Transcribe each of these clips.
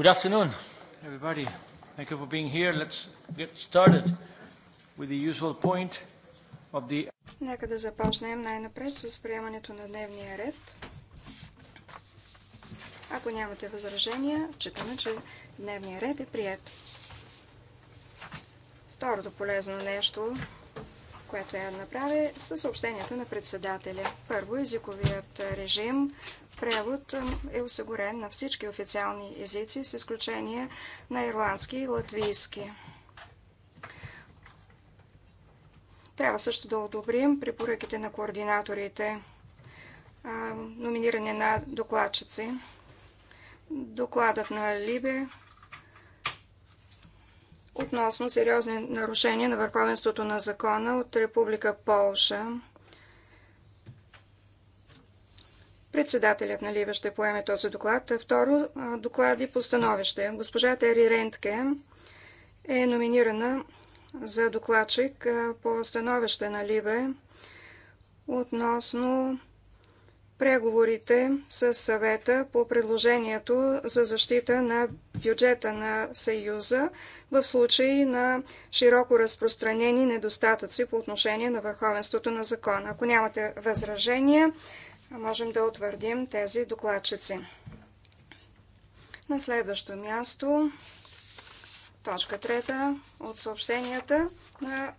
Good afternoon, everybody. Thank you for being here. Let's get started with the usual point of the... Нека да започнем най-напред с приемането на дневния ред. Ако нямате възражения, четаме, че дневния ред е прият. Второто полезно нещо, което я направя, е са съобщенията на председателя. Първо, езиковият режим превод е осигурен на всички официални езици, с изключение на ирландски и латвийски. Трябва също да одобрим препоръките на координаторите, номиниране на докладчици. Докладът на Либе относно сериозни нарушения на върховенството на закона от Република Полша Председателят на Лива ще поеме този доклад. Второ, доклади по становище. Госпожа Тери Рентке е номинирана за докладчик по становище на Ливе относно преговорите с съвета по предложението за защита на бюджета на Съюза в случай на широко разпространени недостатъци по отношение на върховенството на закона. Ако нямате възражения, можем да утвърдим тези докладчици. На следващо място, точка трета от съобщенията на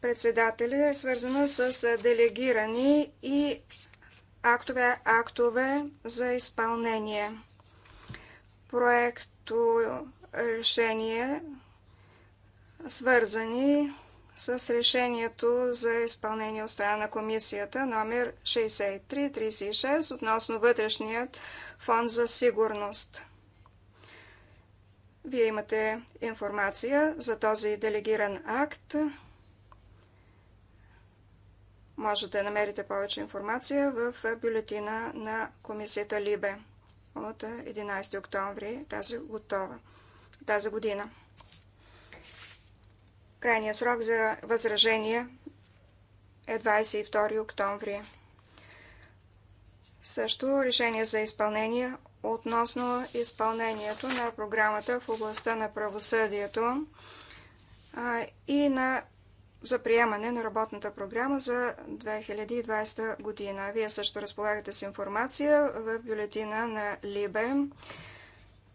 председателя е свързана с делегирани и актове, актове за изпълнение. Проекто решение свързани с решението за изпълнение от страна на комисията номер 6336 относно вътрешният фонд за сигурност. Вие имате информация за този делегиран акт. Можете да намерите повече информация в бюлетина на комисията Либе от 11 октомври тази, готова, тази година. Крайния срок за възражение е 22 октомври. Също решение за изпълнение относно изпълнението на програмата в областта на правосъдието и на, за приемане на работната програма за 2020 година. Вие също разполагате с информация в бюлетина на Либе.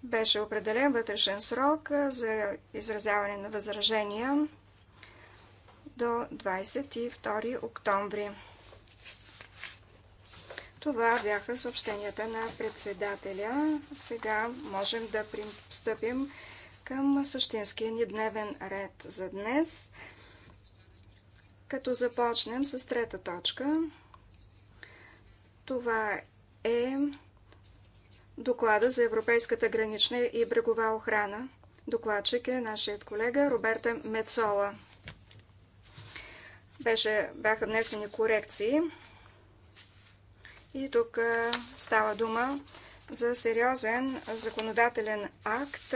Беше определен вътрешен срок за изразяване на възражения до 22 октомври. Това бяха съобщенията на председателя. Сега можем да пристъпим към същинския ни дневен ред за днес, като започнем с трета точка. Това е доклада за Европейската гранична и брегова охрана. Докладчик е нашият колега Роберта Мецола. Беше, бяха внесени корекции и тук става дума за сериозен законодателен акт.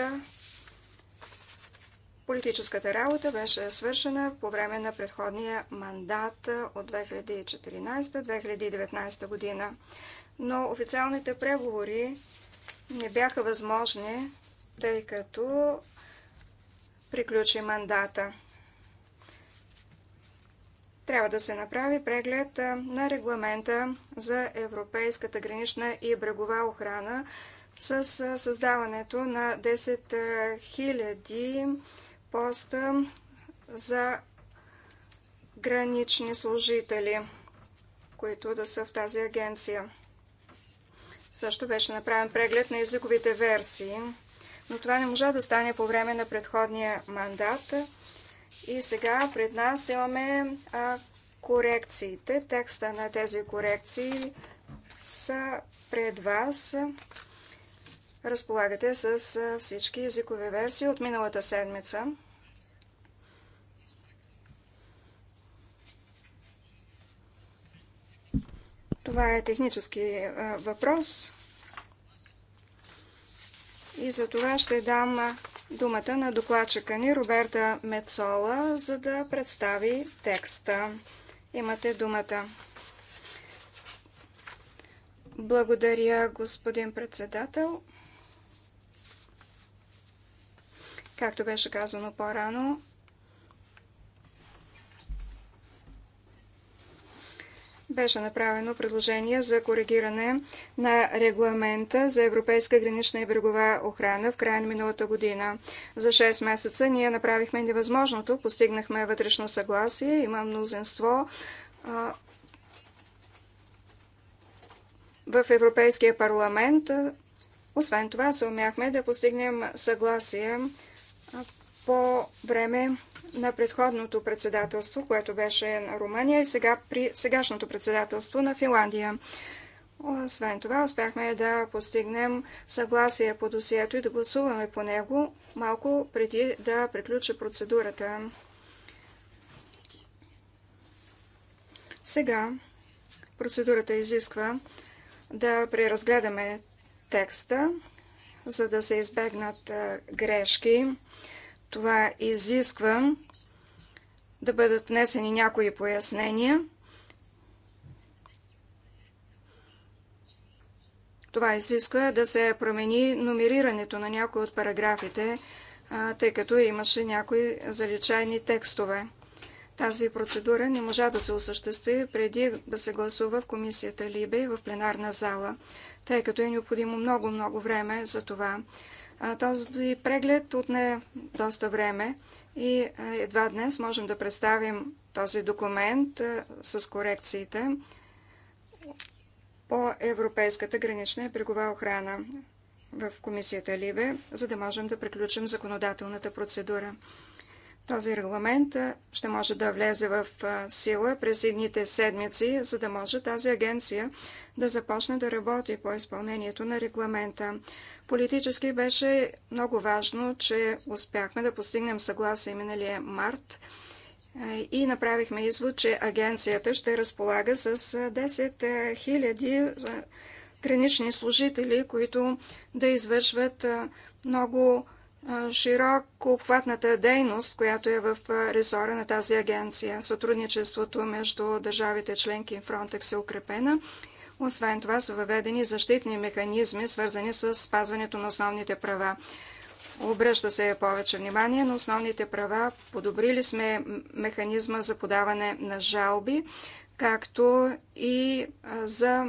Политическата работа беше свършена по време на предходния мандат от 2014-2019 година но официалните преговори не бяха възможни, тъй като приключи мандата. Трябва да се направи преглед на регламента за Европейската гранична и брегова охрана с създаването на 10 000 поста за гранични служители, които да са в тази агенция. Също беше направен преглед на езиковите версии, но това не можа да стане по време на предходния мандат. И сега пред нас имаме а, корекциите. Текста на тези корекции са пред вас. Разполагате с всички езикови версии от миналата седмица. Това е технически е, въпрос. И за това ще дам е, думата на докладчика ни Роберта Мецола, за да представи текста. Имате думата. Благодаря, господин председател. Както беше казано по-рано, беше направено предложение за коригиране на регламента за европейска гранична и брегова охрана в края на миналата година. За 6 месеца ние направихме невъзможното, постигнахме вътрешно съгласие, има мнозинство в Европейския парламент. Освен това, се умяхме да постигнем съгласие по време на предходното председателство, което беше на Румъния и сега при сегашното председателство на Финландия. Освен това, успяхме да постигнем съгласие по досието и да гласуваме по него малко преди да приключи процедурата. Сега процедурата изисква да преразгледаме текста, за да се избегнат грешки това изисква да бъдат внесени някои пояснения. Това изисква да се промени номерирането на някои от параграфите, тъй като имаше някои заличайни текстове. Тази процедура не можа да се осъществи преди да се гласува в комисията Либе и в пленарна зала, тъй като е необходимо много-много време за това. Този преглед отне доста време и едва днес можем да представим този документ с корекциите по Европейската гранична и брегова охрана в комисията Либе, за да можем да приключим законодателната процедура. Този регламент ще може да влезе в сила през едните седмици, за да може тази агенция да започне да работи по изпълнението на регламента. Политически беше много важно, че успяхме да постигнем съгласие миналия март и направихме извод, че агенцията ще разполага с 10 000 гранични служители, които да извършват много широко обхватната дейност, която е в ресора на тази агенция. Сътрудничеството между държавите членки и Frontex е укрепена освен това са въведени защитни механизми, свързани с спазването на основните права. Обръща се повече внимание на основните права. Подобрили сме механизма за подаване на жалби, както и за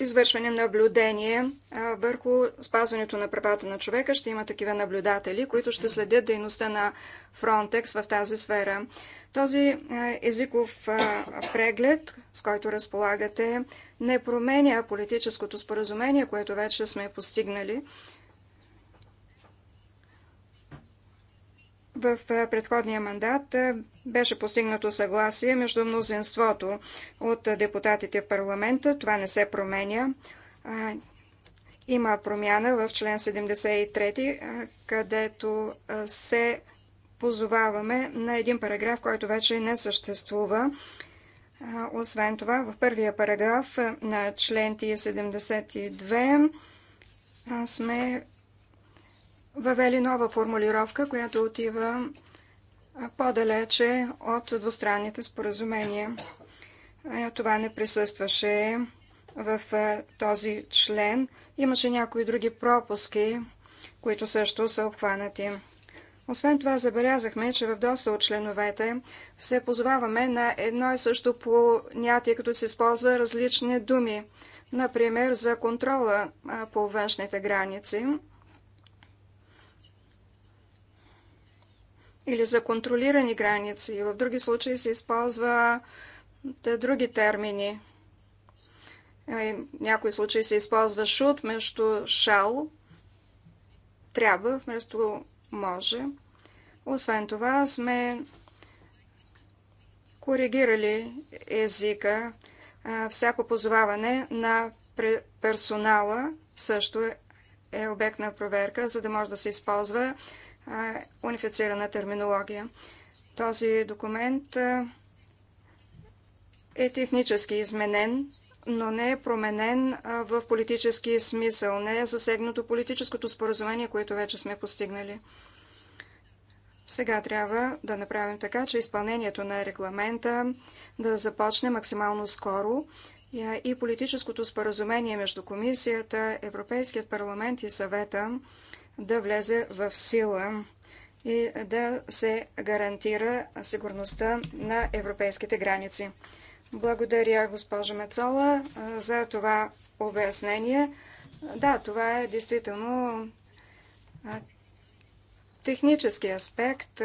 извършване на наблюдение върху спазването на правата на човека. Ще има такива наблюдатели, които ще следят дейността на Frontex в тази сфера. Този езиков преглед, с който разполагате, не променя политическото споразумение, което вече сме постигнали. В предходния мандат беше постигнато съгласие между мнозинството от депутатите в парламента. Това не се променя. Има промяна в член 73, където се позоваваме на един параграф, който вече не съществува. Освен това, в първия параграф на член 72 сме въвели нова формулировка, която отива по-далече от двустранните споразумения. Това не присъстваше в този член. Имаше някои други пропуски, които също са обхванати. Освен това, забелязахме, че в доста от членовете се позоваваме на едно и също понятие, като се използва различни думи. Например, за контрола по външните граници – или за контролирани граници. В други случаи се те други термини. В е, някои случаи се използва should вместо shall, трябва вместо може. Освен това сме коригирали езика. Всяко позоваване на персонала също е обект на проверка, за да може да се използва унифицирана терминология. Този документ е технически изменен, но не е променен в политически смисъл. Не е засегнато политическото споразумение, което вече сме постигнали. Сега трябва да направим така, че изпълнението на регламента да започне максимално скоро и политическото споразумение между Комисията, Европейският парламент и съвета да влезе в сила и да се гарантира сигурността на европейските граници. Благодаря, госпожо Мецола, за това обяснение. Да, това е действително технически аспект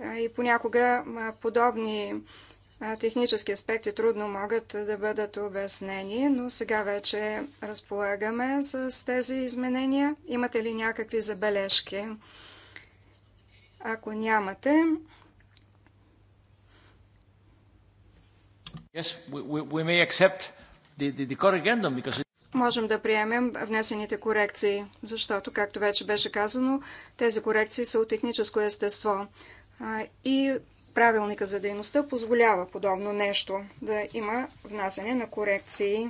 и понякога подобни технически аспекти трудно могат да бъдат обяснени, но сега вече разполагаме с тези изменения. Имате ли някакви забележки? Ако нямате... Yes, we, we may accept the, the, the because можем да приемем внесените корекции, защото, както вече беше казано, тези корекции са от техническо естество. И правилника за дейността позволява подобно нещо, да има внасяне на корекции.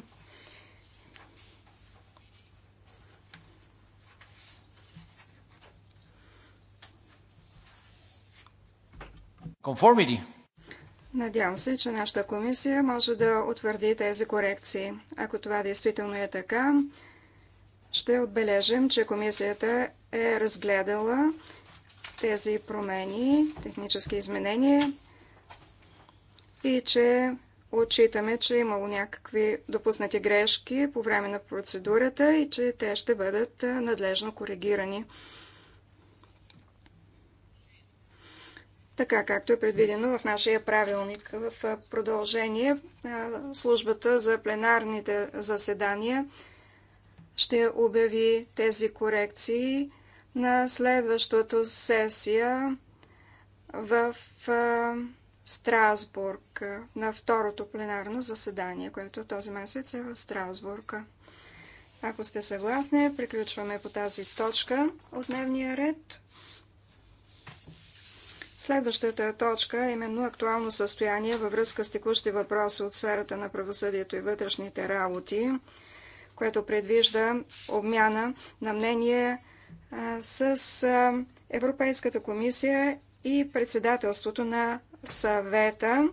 Conformity. Надявам се, че нашата комисия може да утвърди тези корекции. Ако това действително е така, ще отбележим, че комисията е разгледала тези промени, технически изменения и че отчитаме, че е имало някакви допуснати грешки по време на процедурата и че те ще бъдат надлежно коригирани. Така както е предвидено в нашия правилник. В продължение службата за пленарните заседания ще обяви тези корекции – на следващото сесия в Страсбург, на второто пленарно заседание, което този месец е в Страсбург. Ако сте съгласни, приключваме по тази точка от дневния ред. Следващата точка е именно актуално състояние във връзка с текущи въпроси от сферата на правосъдието и вътрешните работи, което предвижда обмяна на мнение с Европейската комисия и председателството на съвета,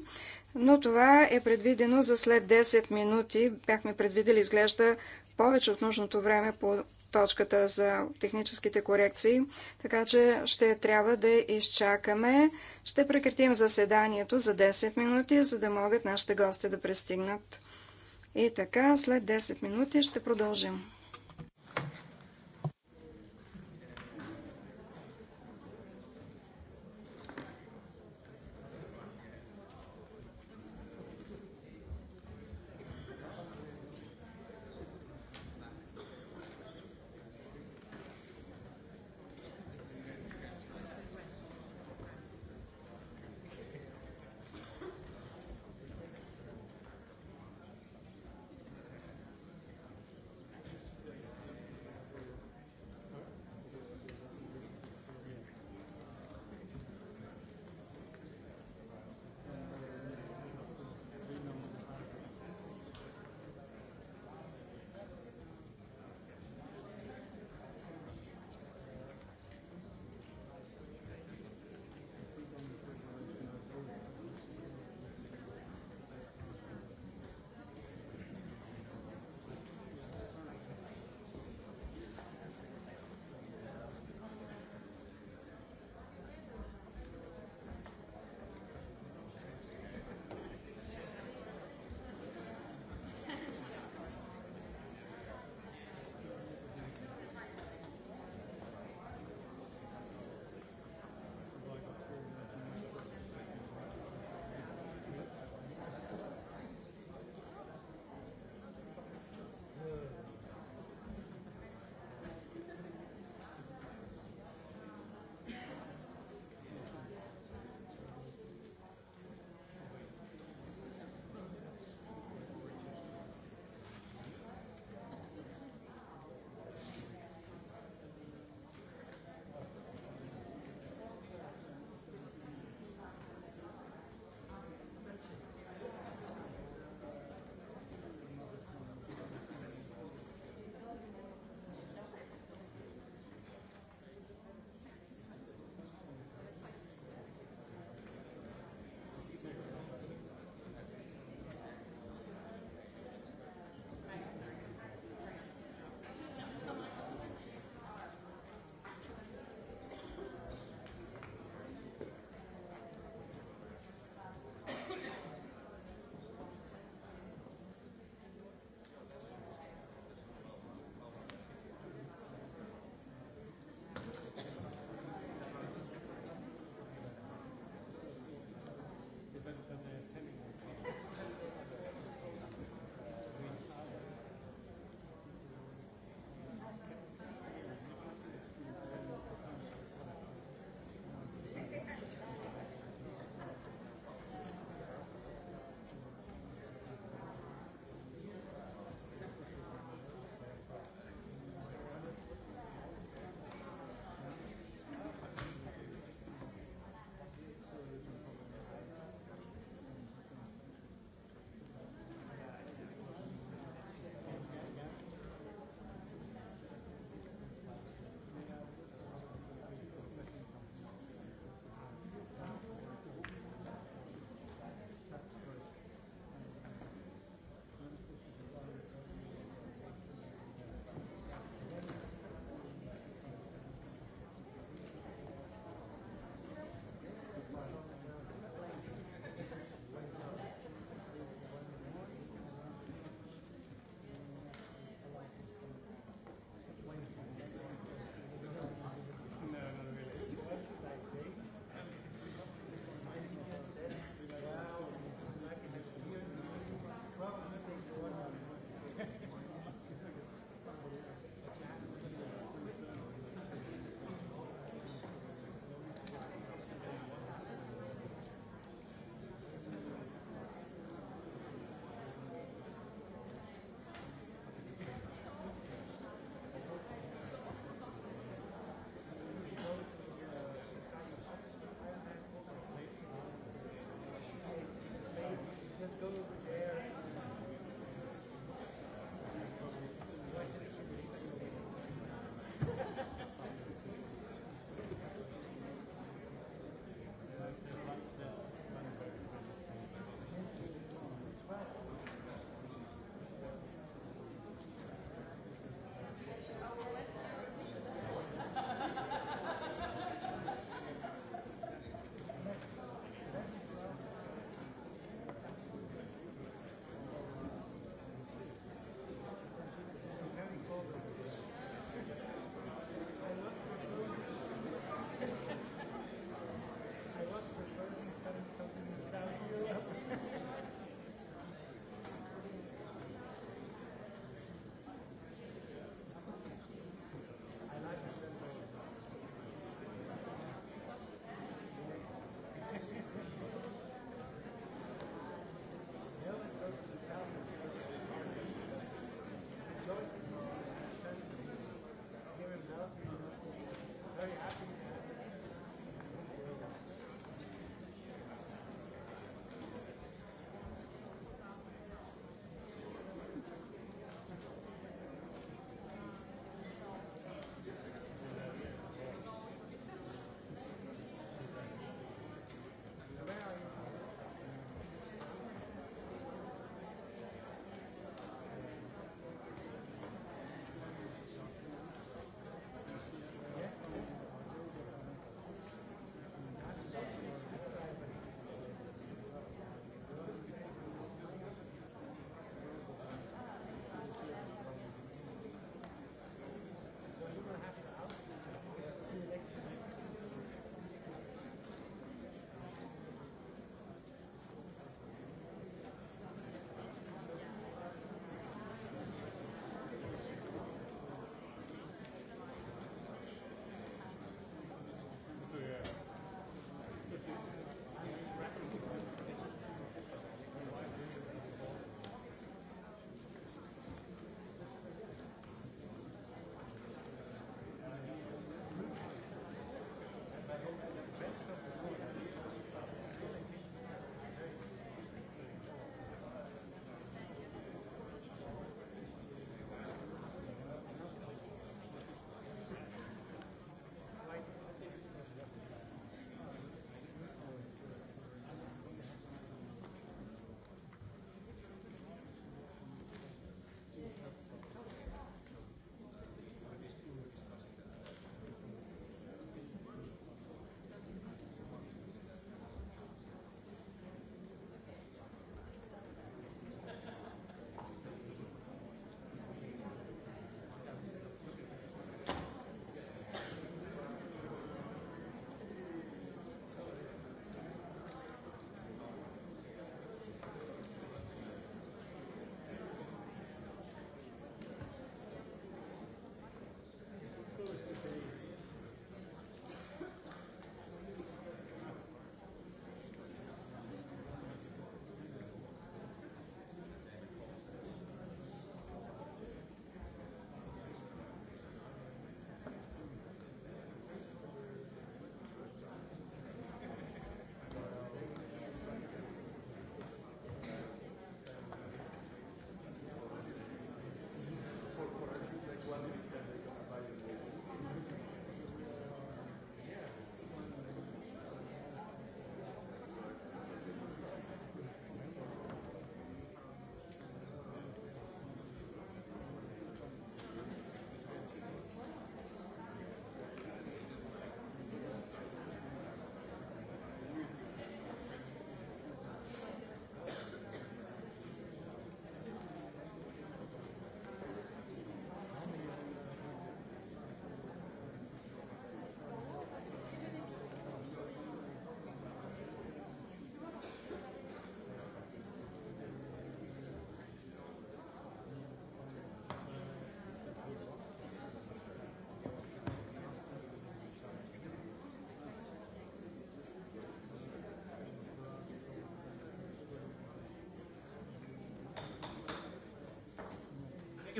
но това е предвидено за след 10 минути. Бяхме предвидели, изглежда, повече от нужното време по точката за техническите корекции, така че ще трябва да изчакаме. Ще прекратим заседанието за 10 минути, за да могат нашите гости да пристигнат. И така, след 10 минути ще продължим.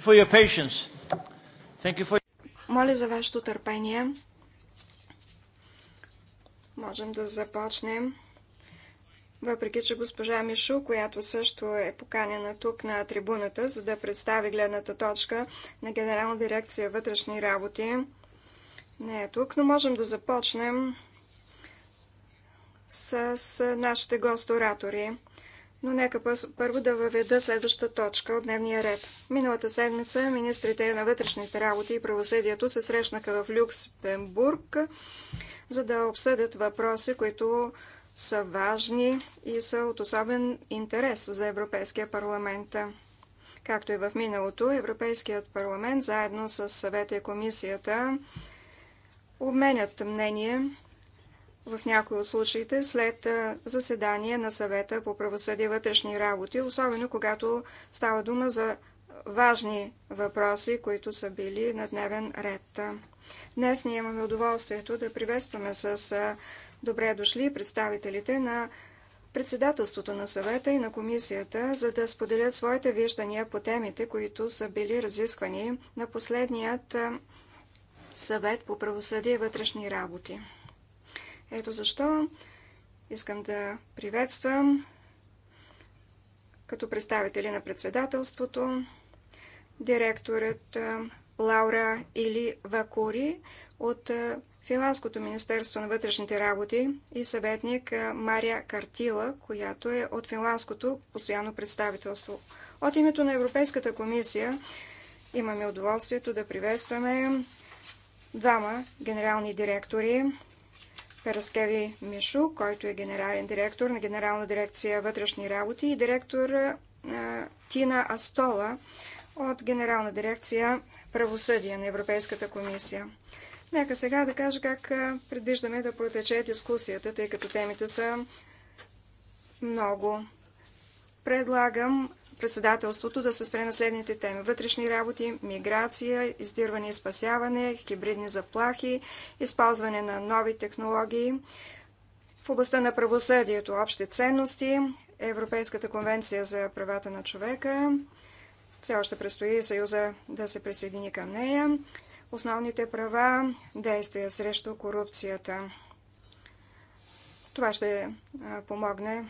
for your patience. Thank you for... Моля за вашето търпение. Можем да започнем. Въпреки, че госпожа Мишу, която също е поканена тук на трибуната, за да представи гледната точка на Генерална дирекция вътрешни работи, не е тук, но можем да започнем с нашите госторатори но нека първо да въведа следваща точка от дневния ред. Миналата седмица министрите на вътрешните работи и правосъдието се срещнаха в Люксембург, за да обсъдят въпроси, които са важни и са от особен интерес за Европейския парламент. Както и в миналото, Европейският парламент заедно с съвета и комисията обменят мнение в някои от случаите след заседание на съвета по правосъдие и вътрешни работи, особено когато става дума за важни въпроси, които са били на дневен ред. Днес ние имаме удоволствието да приветстваме с добре дошли представителите на председателството на съвета и на комисията, за да споделят своите виждания по темите, които са били разисквани на последният съвет по правосъдие и вътрешни работи. Ето защо искам да приветствам като представители на председателството директорът Лаура Или Вакури от Финландското министерство на вътрешните работи и съветник Мария Картила, която е от Финландското постоянно представителство. От името на Европейската комисия имаме удоволствието да приветстваме двама генерални директори Параскеви Мишу, който е генерален директор на Генерална дирекция вътрешни работи и директор Тина Астола от Генерална дирекция правосъдие на Европейската комисия. Нека сега да кажа как предвиждаме да протече дискусията, тъй като темите са много. Предлагам председателството да се спре на следните теми. Вътрешни работи, миграция, издирване и спасяване, хибридни заплахи, използване на нови технологии, в областта на правосъдието, общи ценности, Европейската конвенция за правата на човека, все още предстои Съюза да се присъедини към нея, основните права, действия срещу корупцията. Това ще помогне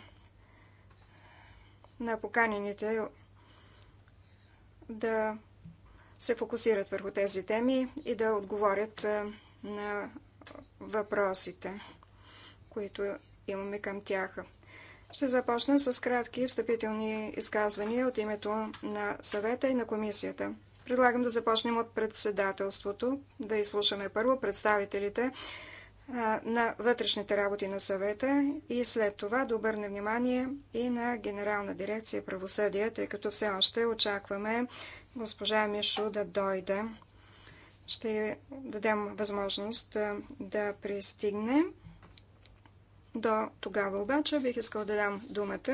на поканените да се фокусират върху тези теми и да отговорят е, на въпросите, които имаме към тях. Ще започна с кратки встъпителни изказвания от името на съвета и на комисията. Предлагам да започнем от председателството, да изслушаме първо представителите на вътрешните работи на съвета и след това да обърне внимание и на Генерална дирекция правосъдие, тъй като все още очакваме госпожа Мишо да дойде. Ще дадем възможност да пристигне. До тогава обаче бих искал да дам думата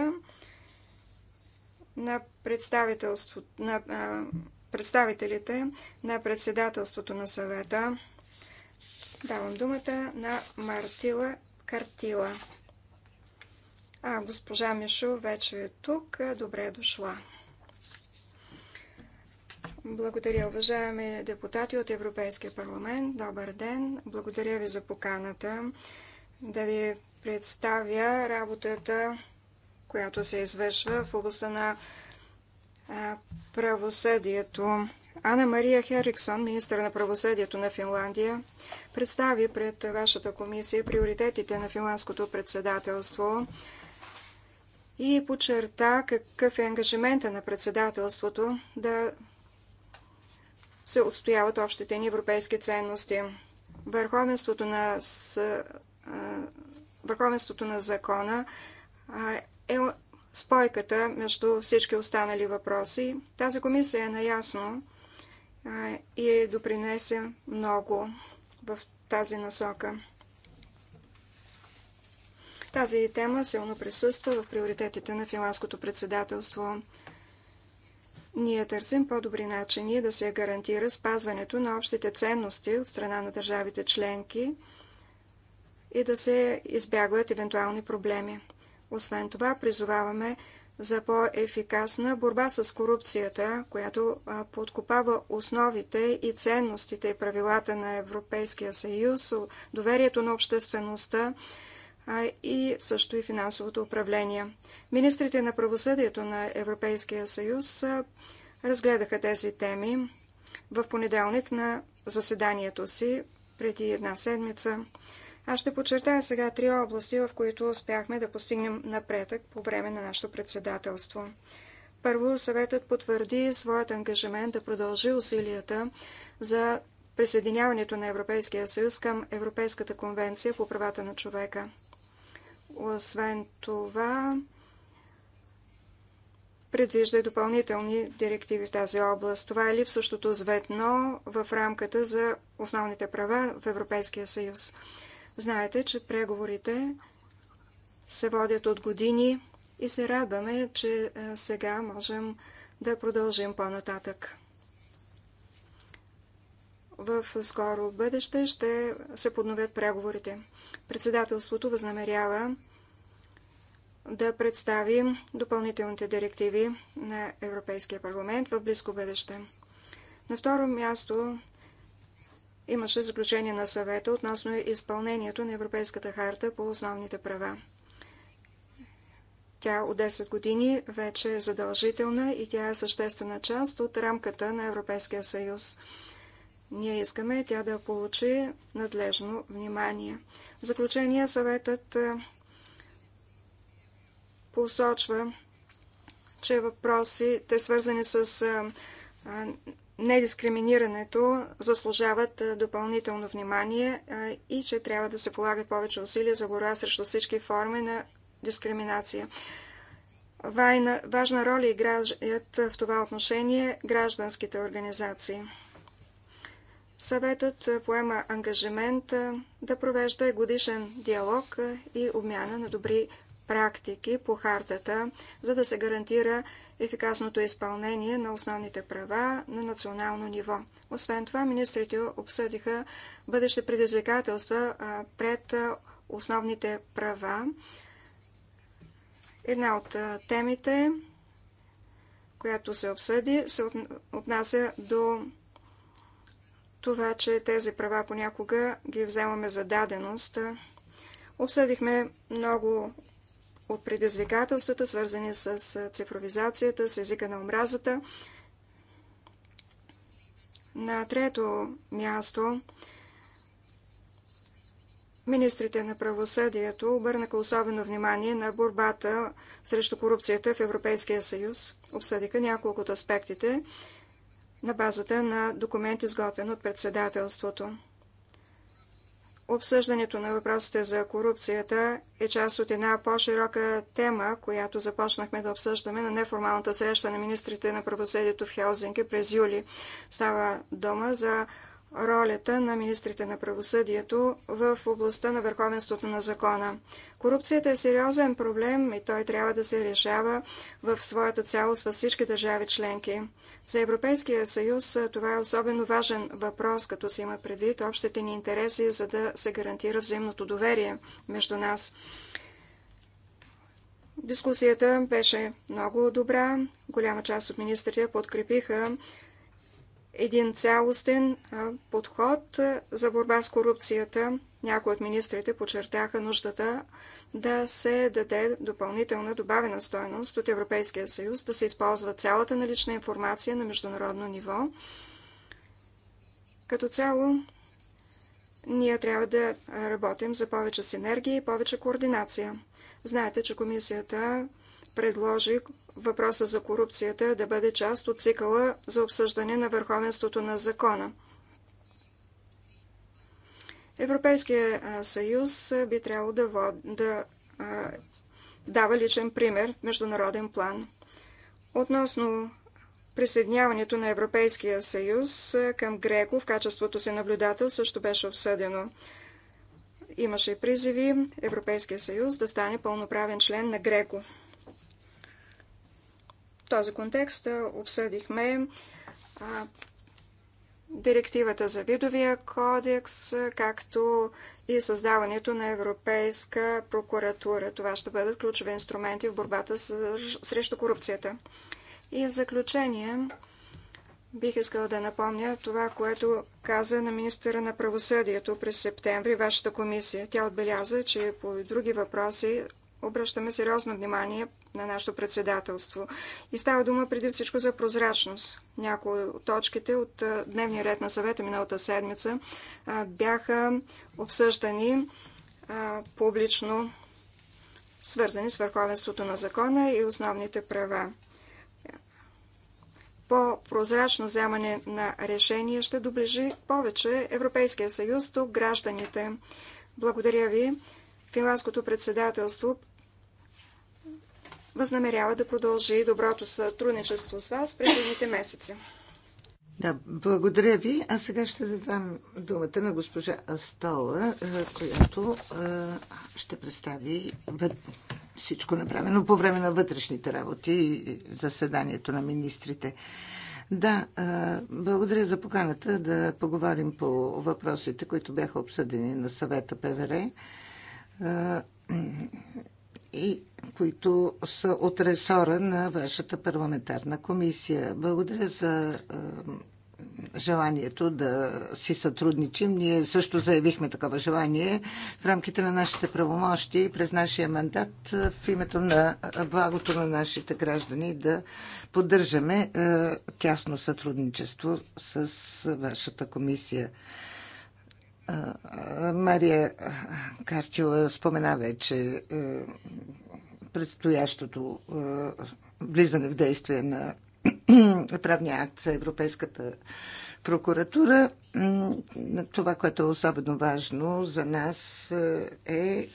на, на представителите на председателството на съвета Давам думата на Мартила Картила. А, госпожа Мишо вече е тук. Добре е дошла. Благодаря, уважаеми депутати от Европейския парламент. Добър ден. Благодаря ви за поканата да ви представя работата, която се извършва в областта на правосъдието. Ана Мария Хериксон, министър на правосъдието на Финландия, представи пред вашата комисия приоритетите на финландското председателство и подчерта какъв е ангажимента на председателството да се отстояват общите ни европейски ценности. Върховенството на, с, върховенството на закона е спойката между всички останали въпроси. Тази комисия е наясно и е допринесе много в тази насока. Тази тема силно присъства в приоритетите на финландското председателство. Ние търсим по-добри начини да се гарантира спазването на общите ценности от страна на държавите членки и да се избягват евентуални проблеми. Освен това, призоваваме за по-ефикасна борба с корупцията, която подкопава основите и ценностите и правилата на Европейския съюз, доверието на обществеността и също и финансовото управление. Министрите на правосъдието на Европейския съюз разгледаха тези теми в понеделник на заседанието си преди една седмица. Аз ще подчертая сега три области, в които успяхме да постигнем напредък по време на нашето председателство. Първо, съветът потвърди своят ангажимент да продължи усилията за присъединяването на Европейския съюз към Европейската конвенция по правата на човека. Освен това, предвижда и допълнителни директиви в тази област. Това е липсващото зветно в рамката за основните права в Европейския съюз. Знаете, че преговорите се водят от години и се радваме, че е, сега можем да продължим по-нататък. В скоро бъдеще ще се подновят преговорите. Председателството възнамерява да представи допълнителните директиви на Европейския парламент в близко бъдеще. На второ място имаше заключение на съвета относно изпълнението на Европейската харта по основните права. Тя от 10 години вече е задължителна и тя е съществена част от рамката на Европейския съюз. Ние искаме тя да получи надлежно внимание. В заключение съветът е, посочва, че въпросите, свързани с е, е, недискриминирането заслужават допълнително внимание и че трябва да се полагат повече усилия за борба срещу всички форми на дискриминация. Важна роля играят в това отношение гражданските организации. Съветът поема ангажимент да провежда годишен диалог и обмяна на добри практики по хартата, за да се гарантира ефикасното изпълнение на основните права на национално ниво. Освен това, министрите обсъдиха бъдещи предизвикателства пред основните права. Една от темите, която се обсъди, се отнася до това, че тези права понякога ги вземаме за даденост. Обсъдихме много от предизвикателствата, свързани с цифровизацията, с езика на омразата. На трето място Министрите на правосъдието обърнаха особено внимание на борбата срещу корупцията в Европейския съюз. Обсъдиха няколко от аспектите на базата на документ, изготвен от председателството. Обсъждането на въпросите за корупцията е част от една по-широка тема, която започнахме да обсъждаме на неформалната среща на министрите на правосъдието в Хелзинки през юли. Става дома за ролята на министрите на правосъдието в областта на върховенството на закона. Корупцията е сериозен проблем и той трябва да се решава в своята цялост във всички държави членки. За Европейския съюз това е особено важен въпрос, като се има предвид общите ни интереси, за да се гарантира взаимното доверие между нас. Дискусията беше много добра. Голяма част от министрите подкрепиха един цялостен подход за борба с корупцията. Някои от министрите подчертаха нуждата да се даде допълнителна добавена стоеност от Европейския съюз, да се използва цялата налична информация на международно ниво. Като цяло, ние трябва да работим за повече синергия и повече координация. Знаете, че комисията предложи въпроса за корупцията да бъде част от цикъла за обсъждане на върховенството на закона. Европейския съюз би трябвало да, вод, да а, дава личен пример в международен план. Относно присъединяването на Европейския съюз към Греко в качеството си наблюдател също беше обсъдено. Имаше призиви Европейския съюз да стане пълноправен член на Греко. В този контекст обсъдихме директивата за видовия кодекс, както и създаването на Европейска прокуратура. Това ще бъдат ключови инструменти в борбата с... срещу корупцията. И в заключение бих искала да напомня това, което каза на министъра на правосъдието през септември вашата комисия. Тя отбеляза, че по други въпроси обръщаме сериозно внимание на нашето председателство. И става дума преди всичко за прозрачност. Някои от точките от дневния ред на съвета миналата седмица бяха обсъждани публично, свързани с върховенството на закона и основните права. По-прозрачно вземане на решения ще доближи повече Европейския съюз до гражданите. Благодаря ви. Финландското председателство възнамерява да продължи доброто сътрудничество с вас през едните месеци. Да, благодаря ви. А сега ще дадам думата на госпожа Астола, е, която е, ще представи всичко направено по време на вътрешните работи и заседанието на министрите. Да, е, благодаря за поканата да поговорим по въпросите, които бяха обсъдени на съвета ПВР и които са от ресора на вашата парламентарна комисия. Благодаря за желанието да си сътрудничим. Ние също заявихме такова желание в рамките на нашите правомощи и през нашия мандат е, в името на е, благото на нашите граждани да поддържаме е, тясно сътрудничество с вашата комисия. Мария Карчева спомена вече е, предстоящото е, влизане в действие на правния акт за Европейската прокуратура. Това, което е особено важно за нас е, е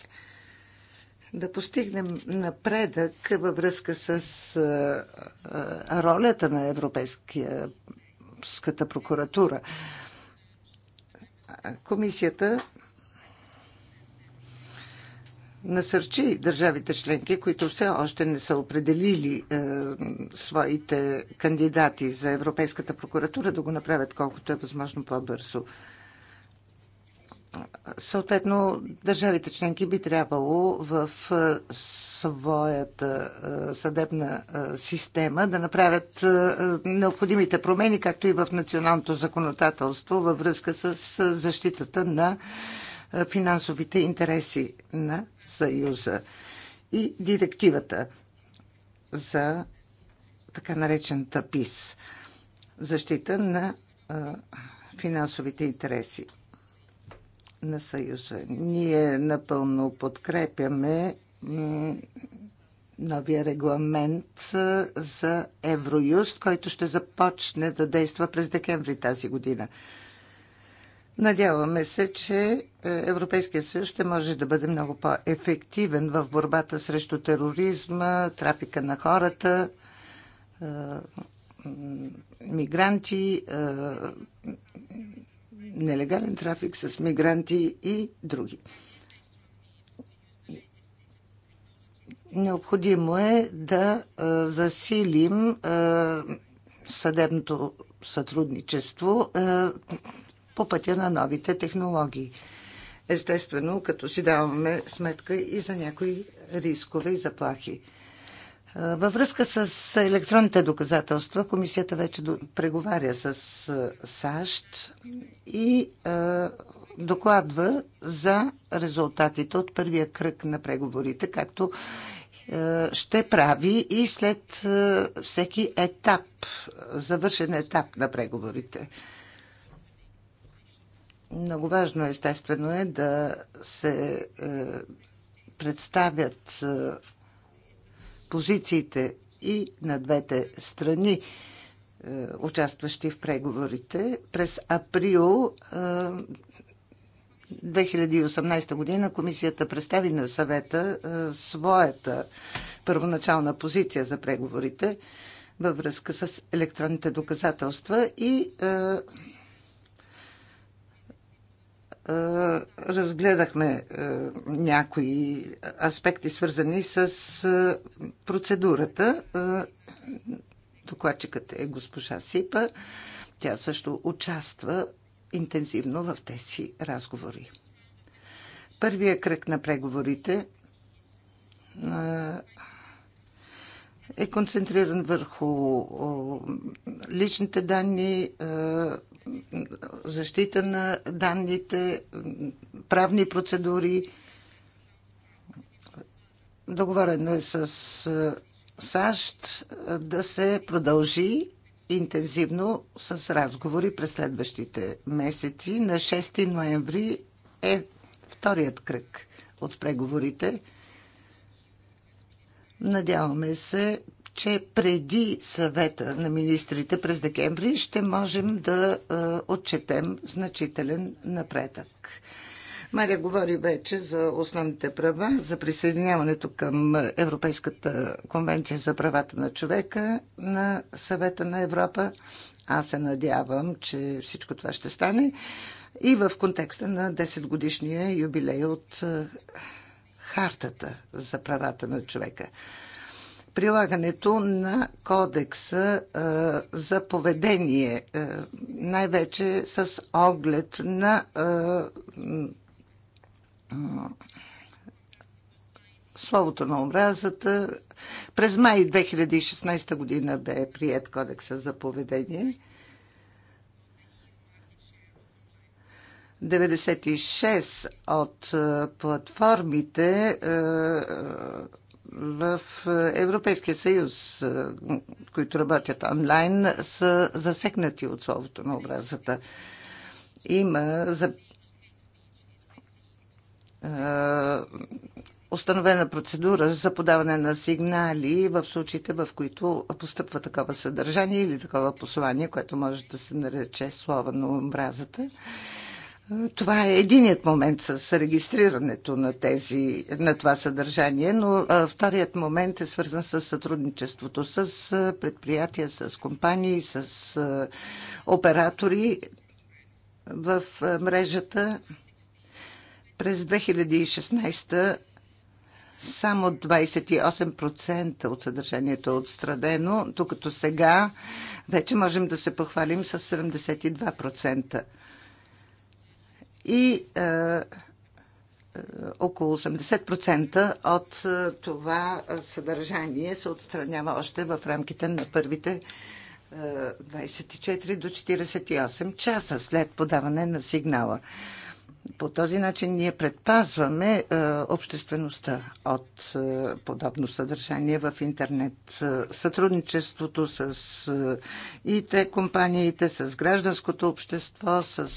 да постигнем напредък във връзка с ролята на Европейската прокуратура комисията насърчи държавите членки, които все още не са определили е, своите кандидати за Европейската прокуратура, да го направят колкото е възможно по-бързо. Съответно, държавите членки би трябвало в своята съдебна система да направят необходимите промени, както и в националното законодателство във връзка с защитата на финансовите интереси на Съюза и директивата за така наречената ПИС защита на финансовите интереси на Съюза. Ние напълно подкрепяме новия регламент за Евроюст, който ще започне да действа през декември тази година. Надяваме се, че е, Европейския съюз ще може да бъде много по-ефективен в борбата срещу тероризма, трафика на хората, е, мигранти, е, нелегален трафик с мигранти и други. Необходимо е да засилим съдебното сътрудничество по пътя на новите технологии. Естествено, като си даваме сметка и за някои рискове и заплахи. Във връзка с електронните доказателства, комисията вече преговаря с САЩ и докладва за резултатите от първия кръг на преговорите, както ще прави и след всеки етап, завършен етап на преговорите. Много важно, естествено, е да се представят позициите и на двете страни, е, участващи в преговорите. През април 2018 е, година комисията представи на съвета е, своята първоначална позиция за преговорите във връзка с електронните доказателства и е, разгледахме е, някои аспекти, свързани с е, процедурата. Докладчикът е госпожа Сипа. Тя също участва интензивно в тези разговори. Първия кръг на преговорите е концентриран върху личните данни, защита на данните, правни процедури. Договорено е с е, САЩ е, да се продължи интензивно с разговори през следващите месеци. На 6 ноември е вторият кръг от преговорите. Надяваме се че преди съвета на министрите през декември ще можем да е, отчетем значителен напредък. Мария говори вече за основните права, за присъединяването към Европейската конвенция за правата на човека на съвета на Европа. Аз се надявам, че всичко това ще стане и в контекста на 10 годишния юбилей от е, Хартата за правата на човека прилагането на кодекса е, за поведение, е, най-вече с оглед на е, словото на омразата. През май 2016 година бе прият кодекса за поведение. 96 от платформите в е, Европейския съюз, е, които работят онлайн, са засегнати от словото на образата. Има за е, установена процедура за подаване на сигнали в случаите, в които постъпва такова съдържание или такова послание, което може да се нарече слово на образата. Това е единият момент с регистрирането на, тези, на това съдържание, но вторият момент е свързан с сътрудничеството с предприятия, с компании, с оператори в мрежата. През 2016 само 28% от съдържанието е отстрадено, докато сега вече можем да се похвалим с 72% и е, е около 80% от е, това съдържание се отстранява още в рамките на първите 24 е, до 48 часа след подаване на сигнала. По този начин ние предпазваме е, обществеността от е, подобно съдържание в интернет. Е, сътрудничеството с е, ИТ компаниите, с гражданското общество, с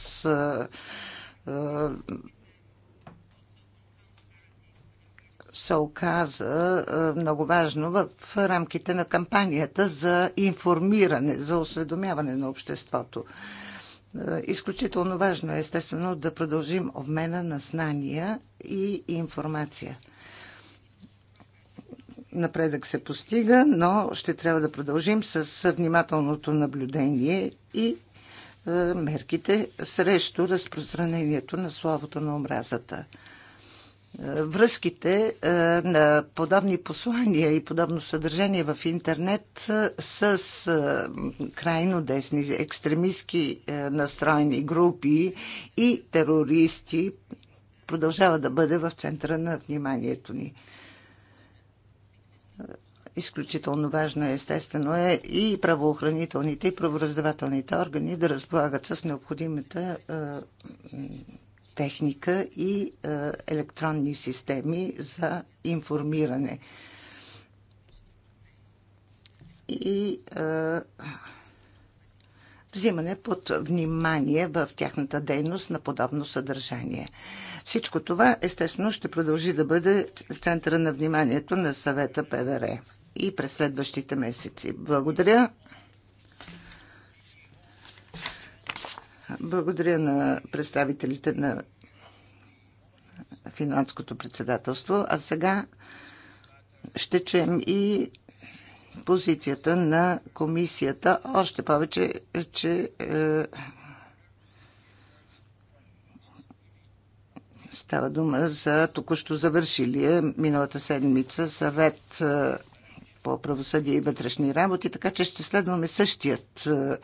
се оказа е, много важно в рамките на кампанията за информиране, за осведомяване на обществото. Е, изключително важно е, естествено, да продължим обмена на знания и информация. Напредък се постига, но ще трябва да продължим с внимателното наблюдение и е, мерките срещу разпространението на словото на омразата. Е, връзките е, на подобни послания и подобно съдържание в интернет с крайно десни екстремистски настроени групи и терористи продължава да бъде в центъра на вниманието ни. Изключително важно е, естествено е и правоохранителните и правораздавателните органи да разполагат с необходимата техника и електронни системи за информиране. И взимане под внимание в тяхната дейност на подобно съдържание. Всичко това, естествено, ще продължи да бъде в центъра на вниманието на съвета ПВР и през следващите месеци. Благодаря. Благодаря на представителите на финландското председателство. А сега ще чем и позицията на комисията. Още повече, че е, става дума за току-що завършилия миналата седмица съвет е, по правосъдие и вътрешни работи, така че ще следваме същият е,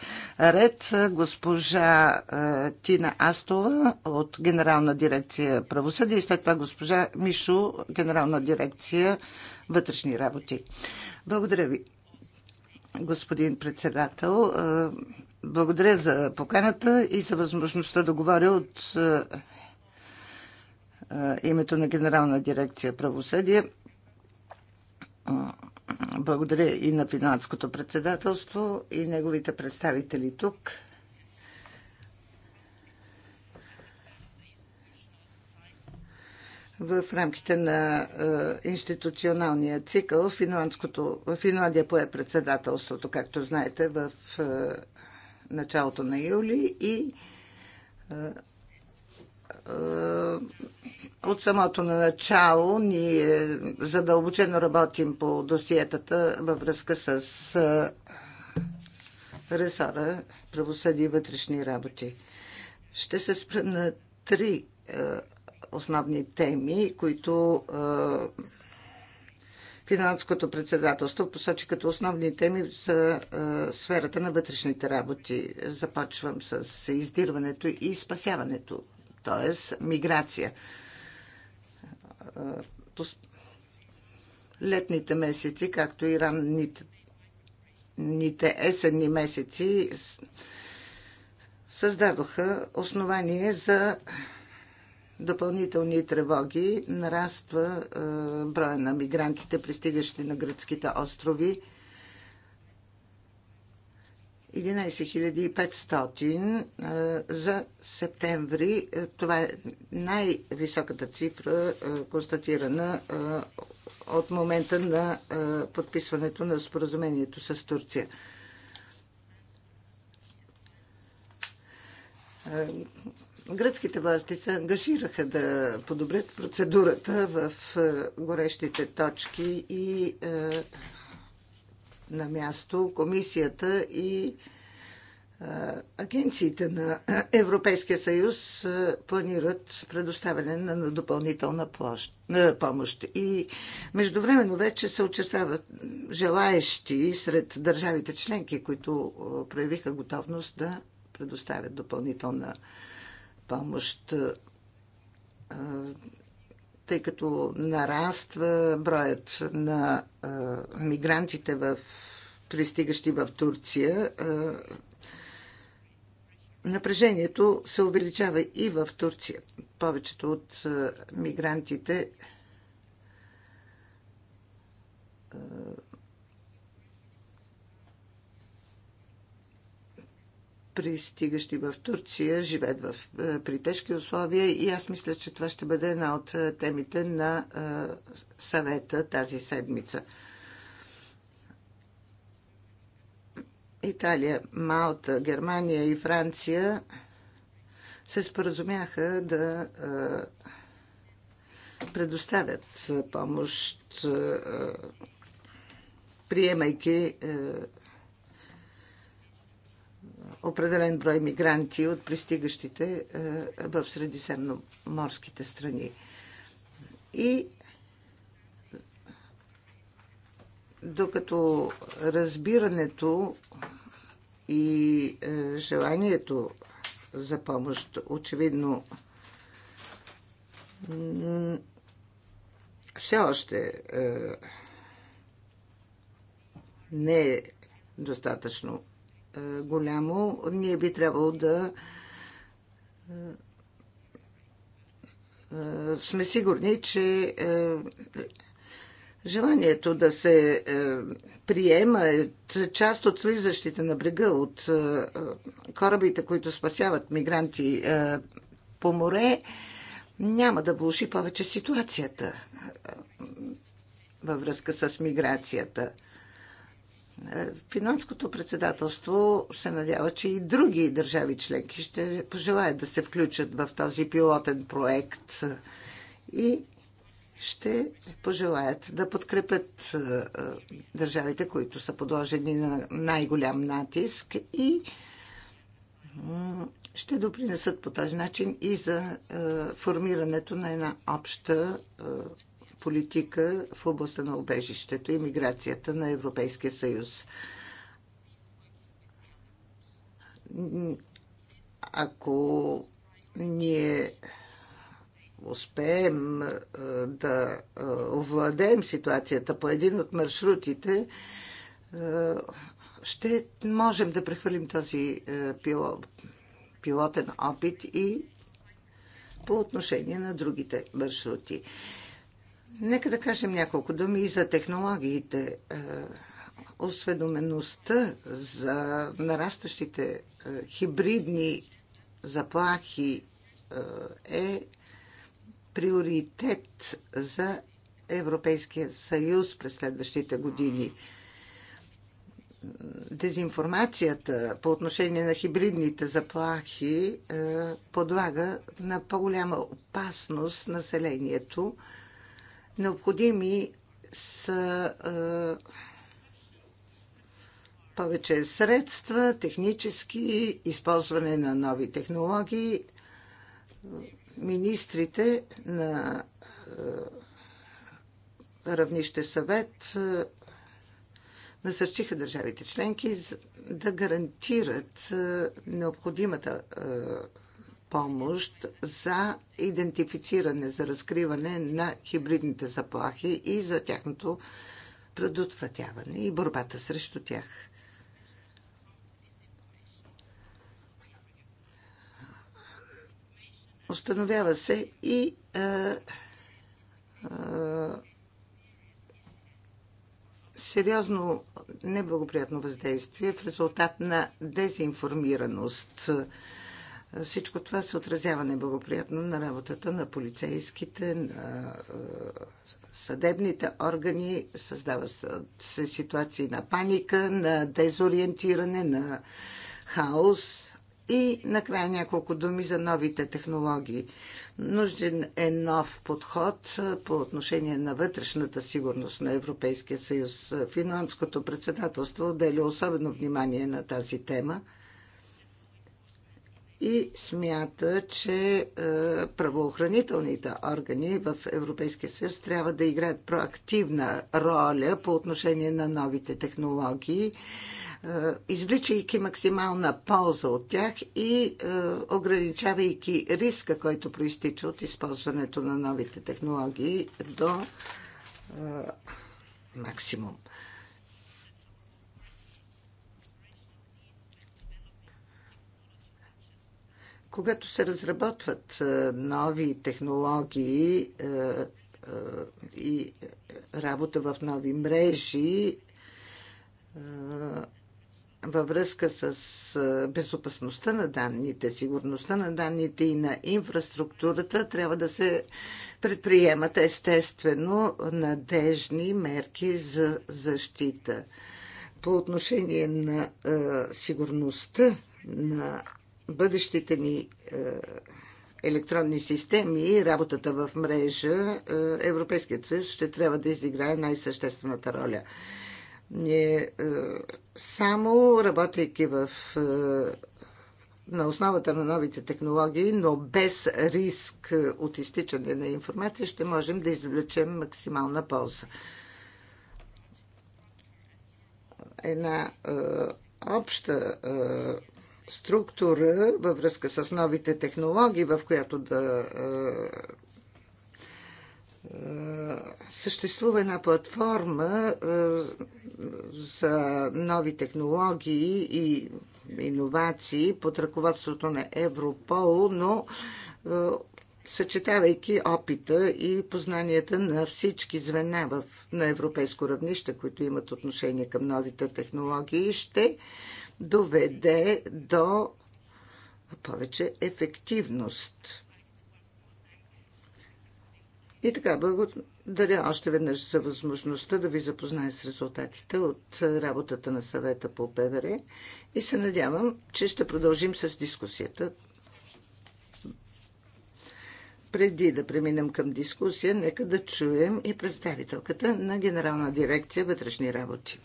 ред. Госпожа е, Тина Астова от Генерална дирекция правосъдие и след това госпожа Мишо, Генерална дирекция вътрешни работи. Благодаря ви, господин председател. Е, благодаря за поканата и за възможността да говоря от името на Генерална дирекция правосъдие. Благодаря и на финландското председателство и неговите представители тук. в рамките на е, институционалния цикъл. Финландското, Финландия пое председателството, както знаете, в е, началото на юли и е, е, от самото на начало ние задълбочено работим по досиетата във връзка с ресора правосъди и вътрешни работи. Ще се спра на три основни теми, които финанското председателство посочи като основни теми за сферата на вътрешните работи. Започвам с издирването и спасяването, т.е. миграция летните месеци, както и ранните есенни месеци, създадоха основание за допълнителни тревоги. Нараства броя на мигрантите, пристигащи на гръцките острови. 11500 за септември. Е, това е най-високата цифра, констатирана от момента на подписването на споразумението с Турция. Гръцките власти се ангажираха да подобрят процедурата в горещите точки и на място комисията и агенциите на Европейския съюз планират предоставяне на допълнителна помощ. И междувременно вече се очертават желаещи сред държавите членки, които проявиха готовност да предоставят допълнителна помощ тъй като нараства броят на а, мигрантите в пристигащи в Турция, а, напрежението се увеличава и в Турция. Повечето от а, мигрантите а, пристигащи в Турция живеят в, е, при тежки условия и аз мисля, че това ще бъде една от е, темите на е, съвета тази седмица. Италия, Малта, Германия и Франция се споразумяха да предоставят помощ, приемайки определен брой мигранти от пристигащите е, в средиземноморските страни. И докато разбирането и е, желанието за помощ очевидно все още е, не е достатъчно голямо, ние би трябвало да е, е, сме сигурни, че е, желанието да се приема част от слизащите на брега от корабите, които спасяват мигранти по море, няма да влуши повече ситуацията във връзка с миграцията. Е, финландското председателство се надява, че и други държави членки ще пожелаят да се включат в този пилотен проект и ще пожелаят да подкрепят е, е, държавите, които са подложени на най-голям натиск и ще допринесат по този начин и за формирането на една обща политика в областта на убежището и миграцията на Европейския съюз. Ако ние успеем да овладеем ситуацията по един от маршрутите, ще можем да прехвърлим този пилотен опит и по отношение на другите маршрути. Нека да кажем няколко думи и за технологиите. Е, осведомеността за нарастващите е, хибридни заплахи е, е приоритет за Европейския съюз през следващите години. Дезинформацията по отношение на хибридните заплахи подлага на по-голяма опасност населението Необходими са е, повече средства, технически, използване на нови технологии. Министрите на е, равнище съвет е, насърчиха държавите членки да гарантират необходимата помощ за идентифициране, за разкриване на хибридните заплахи и за тяхното предотвратяване и борбата срещу тях. Установява се и е, е, сериозно неблагоприятно въздействие в резултат на дезинформираност. Е, всичко това се отразява неблагоприятно на работата на полицейските, на е, съдебните органи. Създава се ситуации на паника, на дезориентиране, на хаос. И накрая няколко думи за новите технологии. Нужден е нов подход е, по отношение на вътрешната сигурност на Европейския съюз. Финландското председателство отделя особено внимание на тази тема – и смята, че е, правоохранителните органи в Европейския съюз трябва да играят проактивна роля по отношение на новите технологии, е, извличайки максимална полза от тях и е, ограничавайки риска, който проистича от използването на новите технологии до максимум. Когато се разработват нови технологии и работа в нови мрежи, във връзка с безопасността на данните, сигурността на данните и на инфраструктурата, трябва да се предприемат естествено надежни мерки за защита. По отношение на сигурността на бъдещите ни е, електронни системи и работата в мрежа, е, Европейският съюз ще трябва да изиграе най-съществената роля. Ние е, само работейки в на основата на новите технологии, но без риск от изтичане на информация, ще можем да извлечем максимална полза. Една обща структура във връзка с новите технологии, в която да съществува една платформа за нови технологии и иновации под ръководството на Европол, но съчетавайки опита и познанията на всички звена в, на европейско равнище, които имат отношение към новите технологии, ще доведе до повече ефективност. И така, благодаря още веднъж за възможността да ви запознае с резултатите от работата на съвета по ПВР и се надявам, че ще продължим с дискусията. Преди да преминем към дискусия, нека да чуем и представителката на Генерална дирекция вътрешни работи.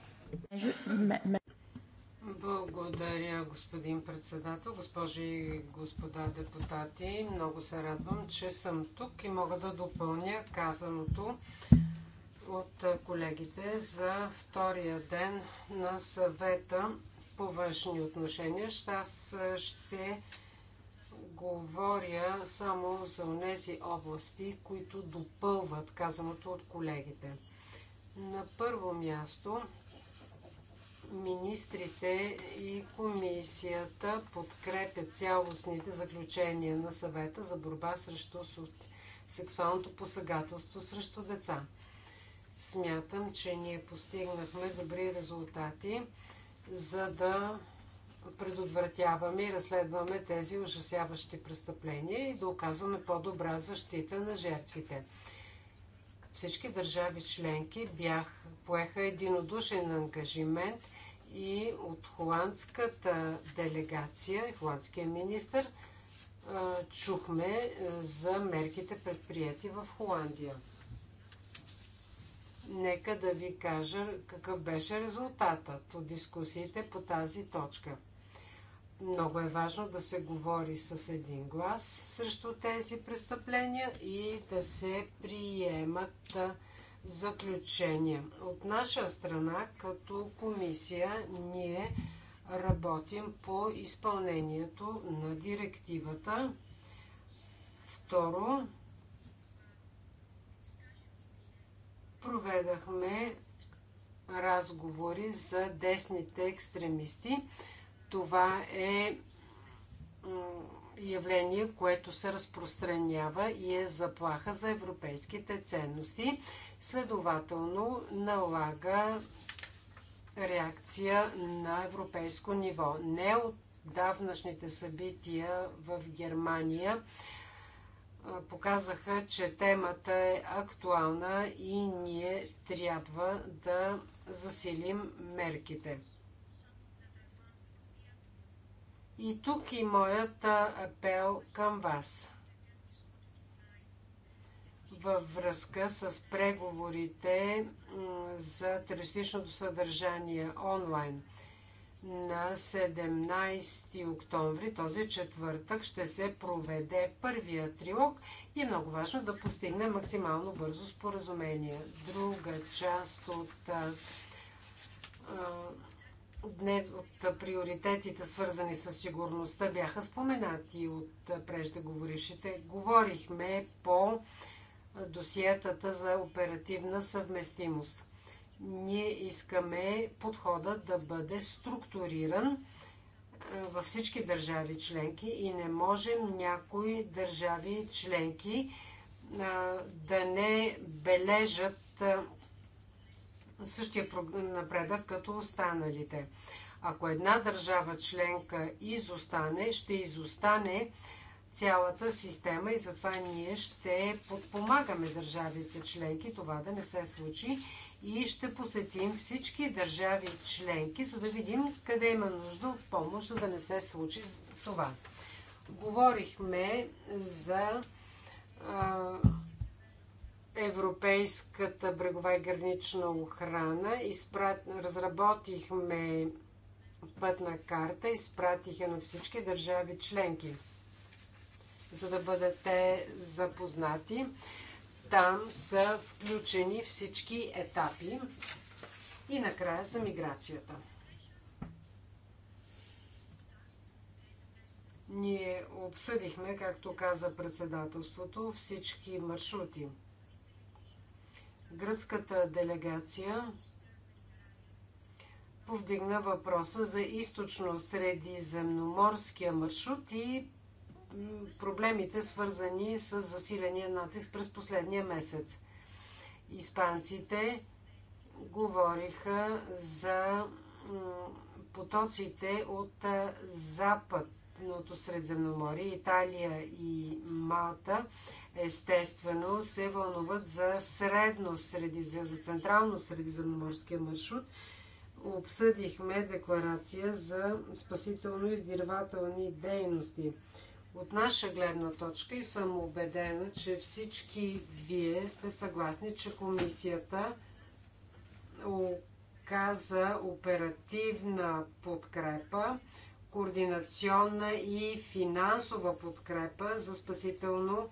Благодаря, господин председател, госпожи и господа депутати. Много се радвам, че съм тук и мога да допълня казаното от колегите за втория ден на съвета по външни отношения. Аз ще говоря само за тези области, които допълват казаното от колегите. На първо място Министрите и комисията подкрепят цялостните заключения на съвета за борба срещу сексуалното посегателство срещу деца. Смятам, че ние постигнахме добри резултати, за да предотвратяваме и разследваме тези ужасяващи престъпления и да оказваме по-добра защита на жертвите. Всички държави членки бях, поеха единодушен ангажимент и от холандската делегация, холандския министр, чухме за мерките предприяти в Холандия. Нека да ви кажа какъв беше резултатът от дискусиите по тази точка. Много е важно да се говори с един глас срещу тези престъпления и да се приемат заключения. От наша страна, като комисия, ние работим по изпълнението на директивата. Второ, проведахме разговори за десните екстремисти. Това е явление, което се разпространява и е заплаха за европейските ценности. Следователно налага реакция на европейско ниво. Не от давнашните събития в Германия показаха, че темата е актуална и ние трябва да засилим мерките. И тук и моят апел към вас във връзка с преговорите за терористичното съдържание онлайн. На 17 октомври, този четвъртък, ще се проведе първия трилог и е много важно да постигне максимално бързо споразумение. Друга част от днев, от приоритетите, свързани с сигурността, бяха споменати от преждеговорившите. Говорихме по досиетата за оперативна съвместимост. Ние искаме подхода да бъде структуриран е, във всички държави членки и не можем някои държави членки е, да не бележат е, същия напредък като останалите. Ако една държава членка изостане, ще изостане цялата система и затова ние ще подпомагаме държавите членки това да не се случи и ще посетим всички държави членки, за да видим къде има нужда от помощ, за да не се случи това. Говорихме за а, Европейската брегова и гранична охрана. Изпрат... Разработихме пътна карта, изпратиха на всички държави членки, за да бъдете запознати. Там са включени всички етапи и накрая за миграцията. Ние обсъдихме, както каза председателството, всички маршрути – Гръцката делегация повдигна въпроса за източно-средиземноморския маршрут и проблемите, свързани с засиления натиск през последния месец. Испанците говориха за потоците от западното Средиземноморие, Италия и Малта естествено се вълнуват за средно средизем, за централно средиземноморския маршрут. Обсъдихме декларация за спасително-издирвателни дейности. От наша гледна точка и съм убедена, че всички вие сте съгласни, че комисията оказа оперативна подкрепа, координационна и финансова подкрепа за спасително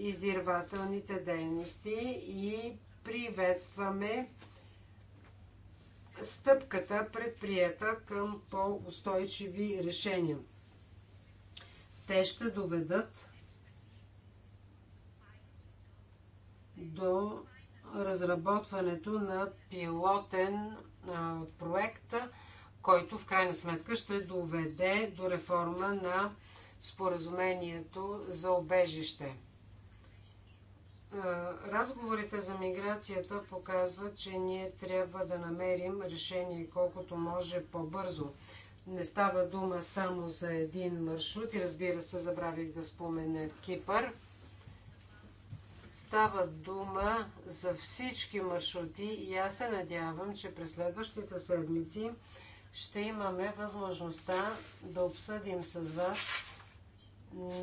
издирвателните дейности и приветстваме стъпката предприета към по-устойчиви решения. Те ще доведат до разработването на пилотен проект, който в крайна сметка ще доведе до реформа на споразумението за обежище разговорите за миграцията показват, че ние трябва да намерим решение колкото може по-бързо. Не става дума само за един маршрут и разбира се, забравих да спомене Кипър. Става дума за всички маршрути и аз се надявам, че през следващите седмици ще имаме възможността да обсъдим с вас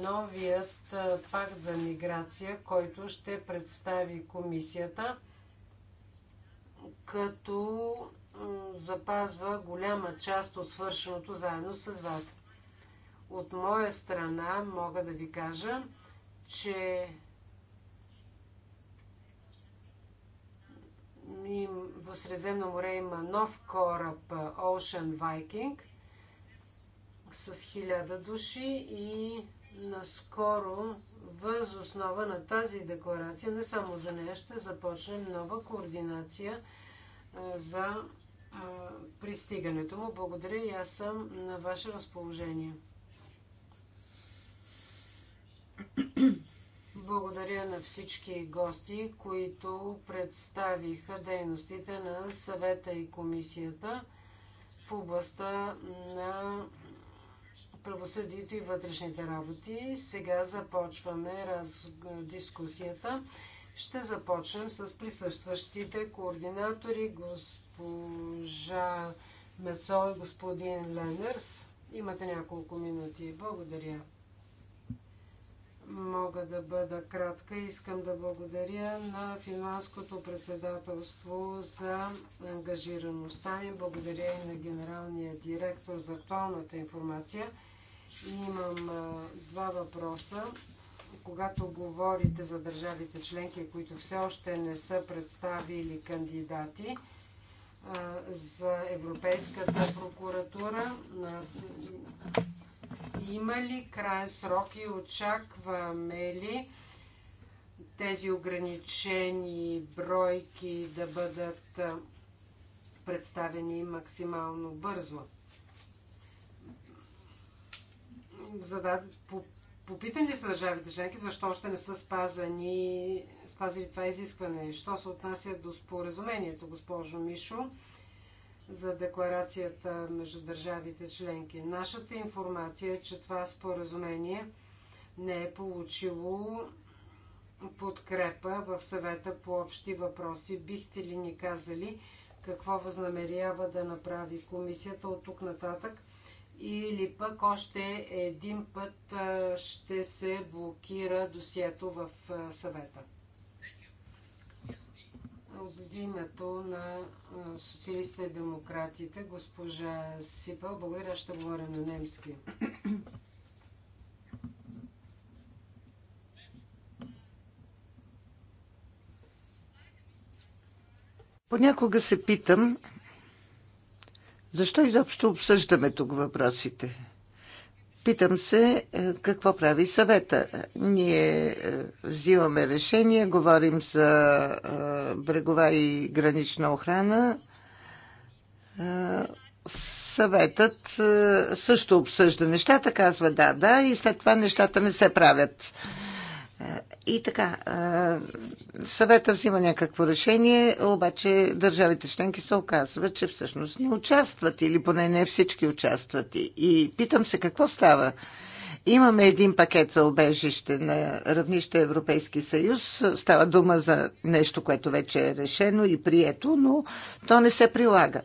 новият пакт за миграция, който ще представи комисията, като запазва голяма част от свършеното заедно с вас. От моя страна мога да ви кажа, че в Средземно море има нов кораб Ocean Viking с хиляда души и наскоро въз основа на тази декларация, не само за нея, ще започнем нова координация за пристигането му. Благодаря и аз съм на ваше разположение. Благодаря на всички гости, които представиха дейностите на съвета и комисията в областта на правосъдието и вътрешните работи. Сега започваме раз... дискусията. Ще започнем с присъстващите координатори, госпожа Мецо и господин Ленърс. Имате няколко минути. Благодаря мога да бъда кратка. Искам да благодаря на финландското председателство за ангажираността ми. Благодаря и на генералния директор за актуалната информация. И имам два въпроса. Когато говорите за държавите членки, които все още не са представили кандидати, за Европейската прокуратура. Има ли крайен срок и очакваме ли тези ограничени бройки да бъдат представени максимално бързо? Задад... Попитани ли са държавите членки, защо още не са спазани, спазили това изискване? Що се отнася до споразумението, госпожо Мишо? за декларацията между държавите членки. Нашата информация е, че това споразумение не е получило подкрепа в съвета по общи въпроси. Бихте ли ни казали какво възнамерява да направи комисията от тук нататък? Или пък още един път ще се блокира досието в съвета? От името на социалистите и демократите, госпожа Сипъл, благодаря, ще говоря на немски. Понякога се питам, защо изобщо обсъждаме тук въпросите? Питам се е, какво прави съвета. Ние е, взимаме решение, говорим за е, брегова и гранична охрана. Съветът също обсъжда нещата, казва да, да и след това нещата не се правят. И така, съвета взима някакво решение, обаче държавите членки се оказват, че всъщност не участват или поне не всички участват. И питам се какво става. Имаме един пакет за обежище на равнище Европейски съюз. Става дума за нещо, което вече е решено и прието, но то не се прилага.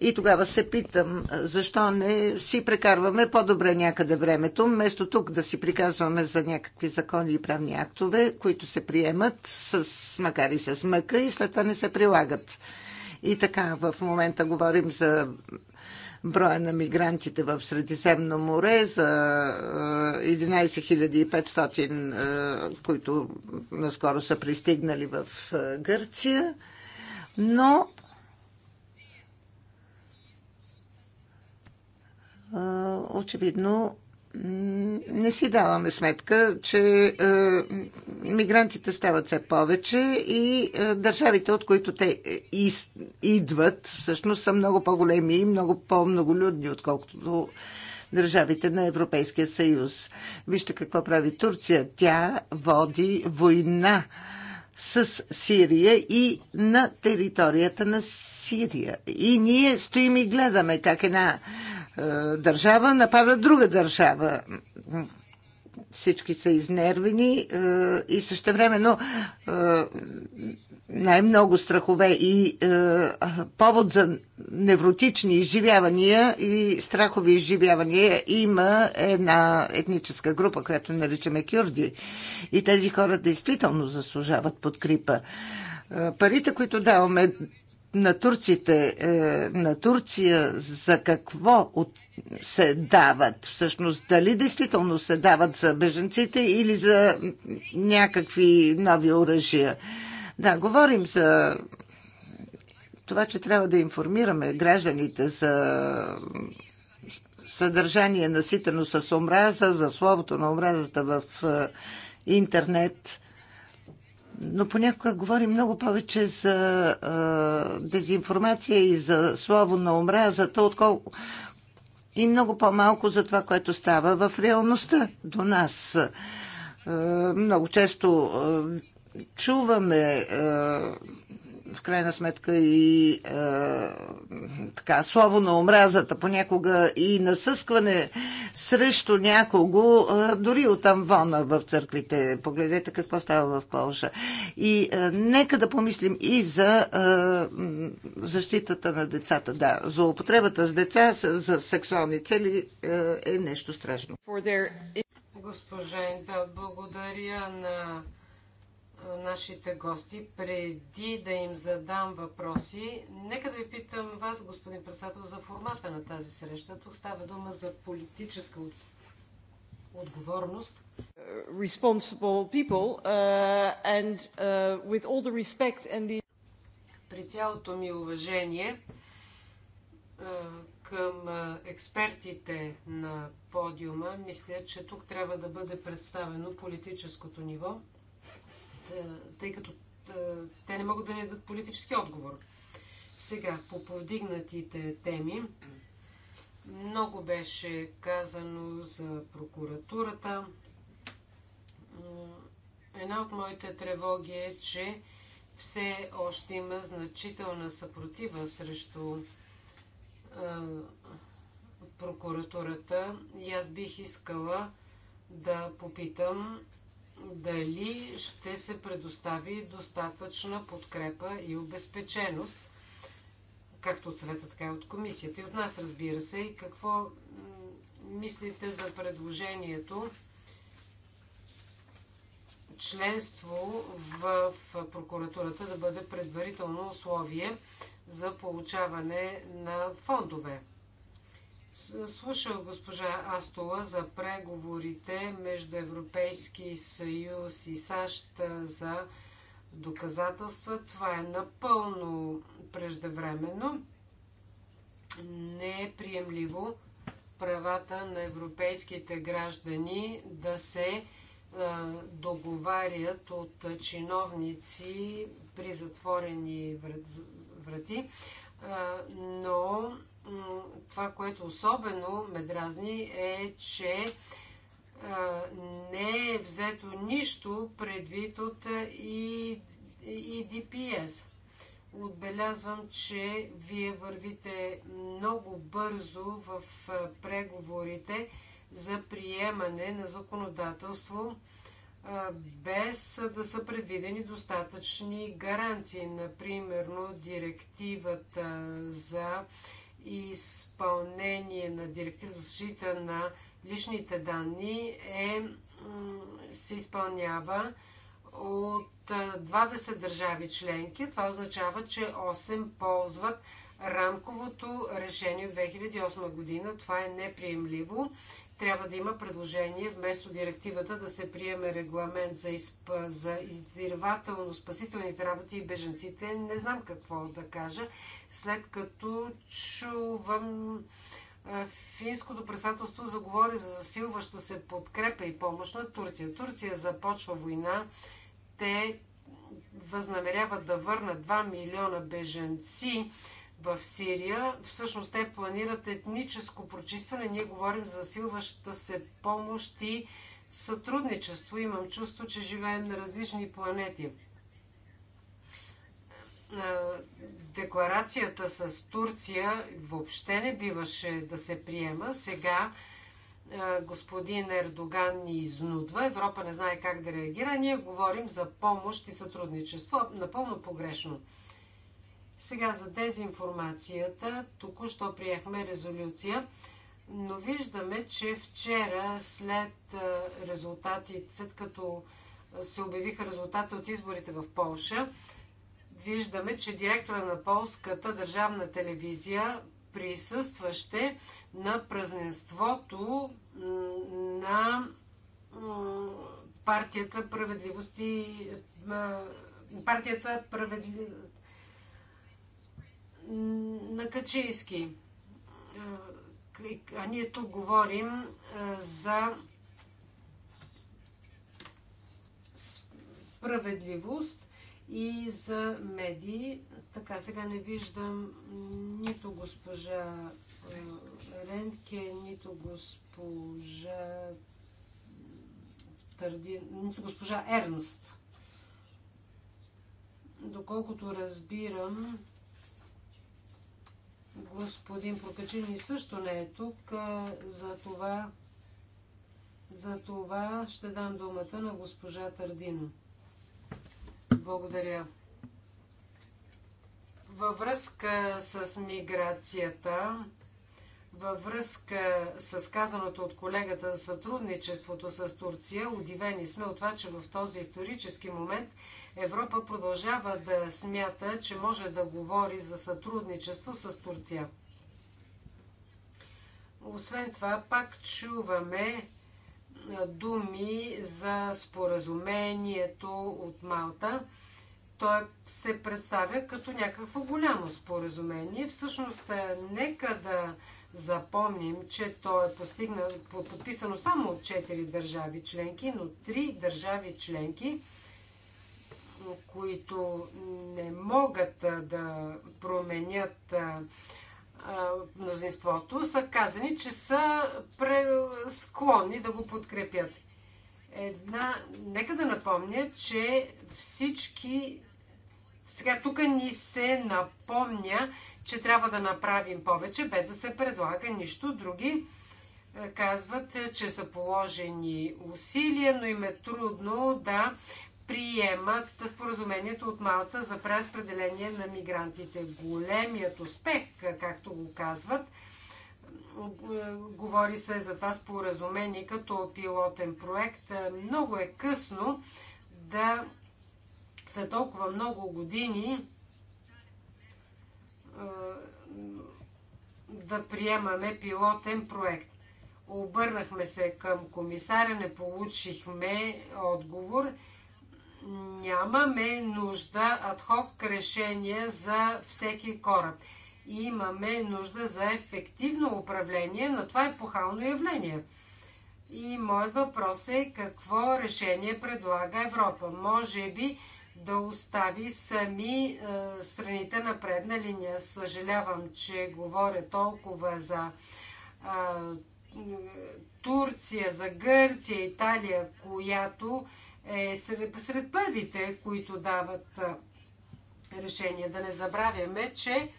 И тогава се питам, защо не си прекарваме по-добре някъде времето, вместо тук да си приказваме за някакви закони и правни актове, които се приемат, с, макар и с мъка, и след това не се прилагат. И така, в момента говорим за броя на мигрантите в Средиземно море за 11 500, които наскоро са пристигнали в Гърция. Но очевидно не си даваме сметка, че е, мигрантите стават все повече и е, държавите, от които те е, из, идват, всъщност са много по-големи и много по-многолюдни, отколкото държавите на Европейския съюз. Вижте какво прави Турция. Тя води война с Сирия и на територията на Сирия. И ние стоим и гледаме как една е, е, държава напада друга държава. Всички са изнервени е, и също времено е, най-много страхове и повод за невротични изживявания и страхови изживявания има една етническа група, която наричаме кюрди. И тези хора действително заслужават подкрипа. Парите, които даваме на турците, е, на Турция за какво се дават всъщност, дали действително се дават за беженците или за някакви нови оръжия. Да, говорим за това, че трябва да информираме гражданите за съдържание наситено с омраза, за словото на омразата в е, интернет но понякога говорим много повече за а, дезинформация и за слово на омразата, отколко и много по-малко за това, което става в реалността до нас. А, много често а, чуваме а, в крайна сметка и е, така, слово на омразата, понякога и насъскване срещу някого, е, дори от амвона в църквите. Погледнете какво става в Польша. И е, нека да помислим и за е, защитата на децата. Да, злоупотребата с деца за сексуални цели е, е нещо страшно. Госпожа Индал, благодаря на нашите гости, преди да им задам въпроси, нека да ви питам вас, господин председател, за формата на тази среща. Тук става дума за политическа отговорност. Uh, responsible people uh, and uh, with all the respect and the... При цялото ми уважение uh, към uh, експертите на подиума, мисля, че тук трябва да бъде представено политическото ниво. Е, тъй като е, те не могат да ни дадат политически отговор. Сега, по повдигнатите теми, много беше казано за прокуратурата. Една от моите тревоги е, че все още има значителна съпротива срещу е, прокуратурата и аз бих искала да попитам дали ще се предостави достатъчна подкрепа и обезпеченост, както от съвета, така и от комисията. И от нас, разбира се, и какво мислите за предложението членство в прокуратурата да бъде предварително условие за получаване на фондове слушал госпожа Астола за преговорите между Европейски съюз и САЩ за доказателства. Това е напълно преждевременно. Не е приемливо правата на европейските граждани да се договарят от чиновници при затворени врати, но това, което особено ме дразни, е, че не е взето нищо предвид от и, DPS. Отбелязвам, че вие вървите много бързо в преговорите за приемане на законодателство без да са предвидени достатъчни гаранции. Например, директивата за изпълнение на директива за защита на личните данни е, се изпълнява от 20 държави членки. Това означава, че 8 ползват рамковото решение от 2008 година. Това е неприемливо трябва да има предложение, вместо директивата да се приеме регламент за, изп... за издирвателно-спасителните работи и беженците. Не знам какво да кажа, след като чувам е, финското председателство заговори за засилваща се подкрепа и помощ на Турция. Турция започва война. Те възнамеряват да върнат 2 милиона беженци в Сирия. Всъщност те планират етническо прочистване. Ние говорим за силваща се помощ и сътрудничество. Имам чувство, че живеем на различни планети. Декларацията с Турция въобще не биваше да се приема. Сега господин Ердоган ни изнудва. Европа не знае как да реагира. Ние говорим за помощ и сътрудничество. Напълно погрешно. Сега за дезинформацията. Току-що приехме резолюция, но виждаме, че вчера след резултати, след като се обявиха резултати от изборите в Полша, виждаме, че директора на полската държавна телевизия присъстваше на празненството на партията Праведливост и партията Праведливост на Качийски. А ние тук говорим за справедливост и за медии. Така, сега не виждам нито госпожа Рентке, нито госпожа Търди, нито госпожа Ернст. Доколкото разбирам, Господин Прокачини също не е тук, за това, за това ще дам думата на госпожа Тардино. Благодаря. Във връзка с миграцията, във връзка с казаното от колегата за сътрудничеството с Турция, удивени сме от това, че в този исторически момент Европа продължава да смята, че може да говори за сътрудничество с Турция. Освен това, пак чуваме думи за споразумението от Малта. Той е, се представя като някакво голямо споразумение. Всъщност, нека да запомним, че то е постигна, подписано само от 4 държави членки, но 3 държави членки, които не могат да променят мнозинството, са казани, че са склонни да го подкрепят. Една... Нека да напомня, че всички... Сега тук ни се напомня, че трябва да направим повече, без да се предлага нищо. Други е, казват, е, че са положени усилия, но им е трудно да приемат споразумението от Малта за преразпределение на мигрантите. Големият успех, е, както го казват, говори се за това споразумение като пилотен проект. Много е късно да са толкова много години да приемаме пилотен проект. Обърнахме се към комисаря, не получихме отговор. Нямаме нужда адхок решение за всеки кораб. Имаме нужда за ефективно управление на това епохално явление. И моят въпрос е какво решение предлага Европа. Може би да остави сами е, страните на предна линия. Съжалявам, че говоря толкова за е, Турция, за Гърция, Италия, която е сред, сред първите, които дават е, решение. Да не забравяме, че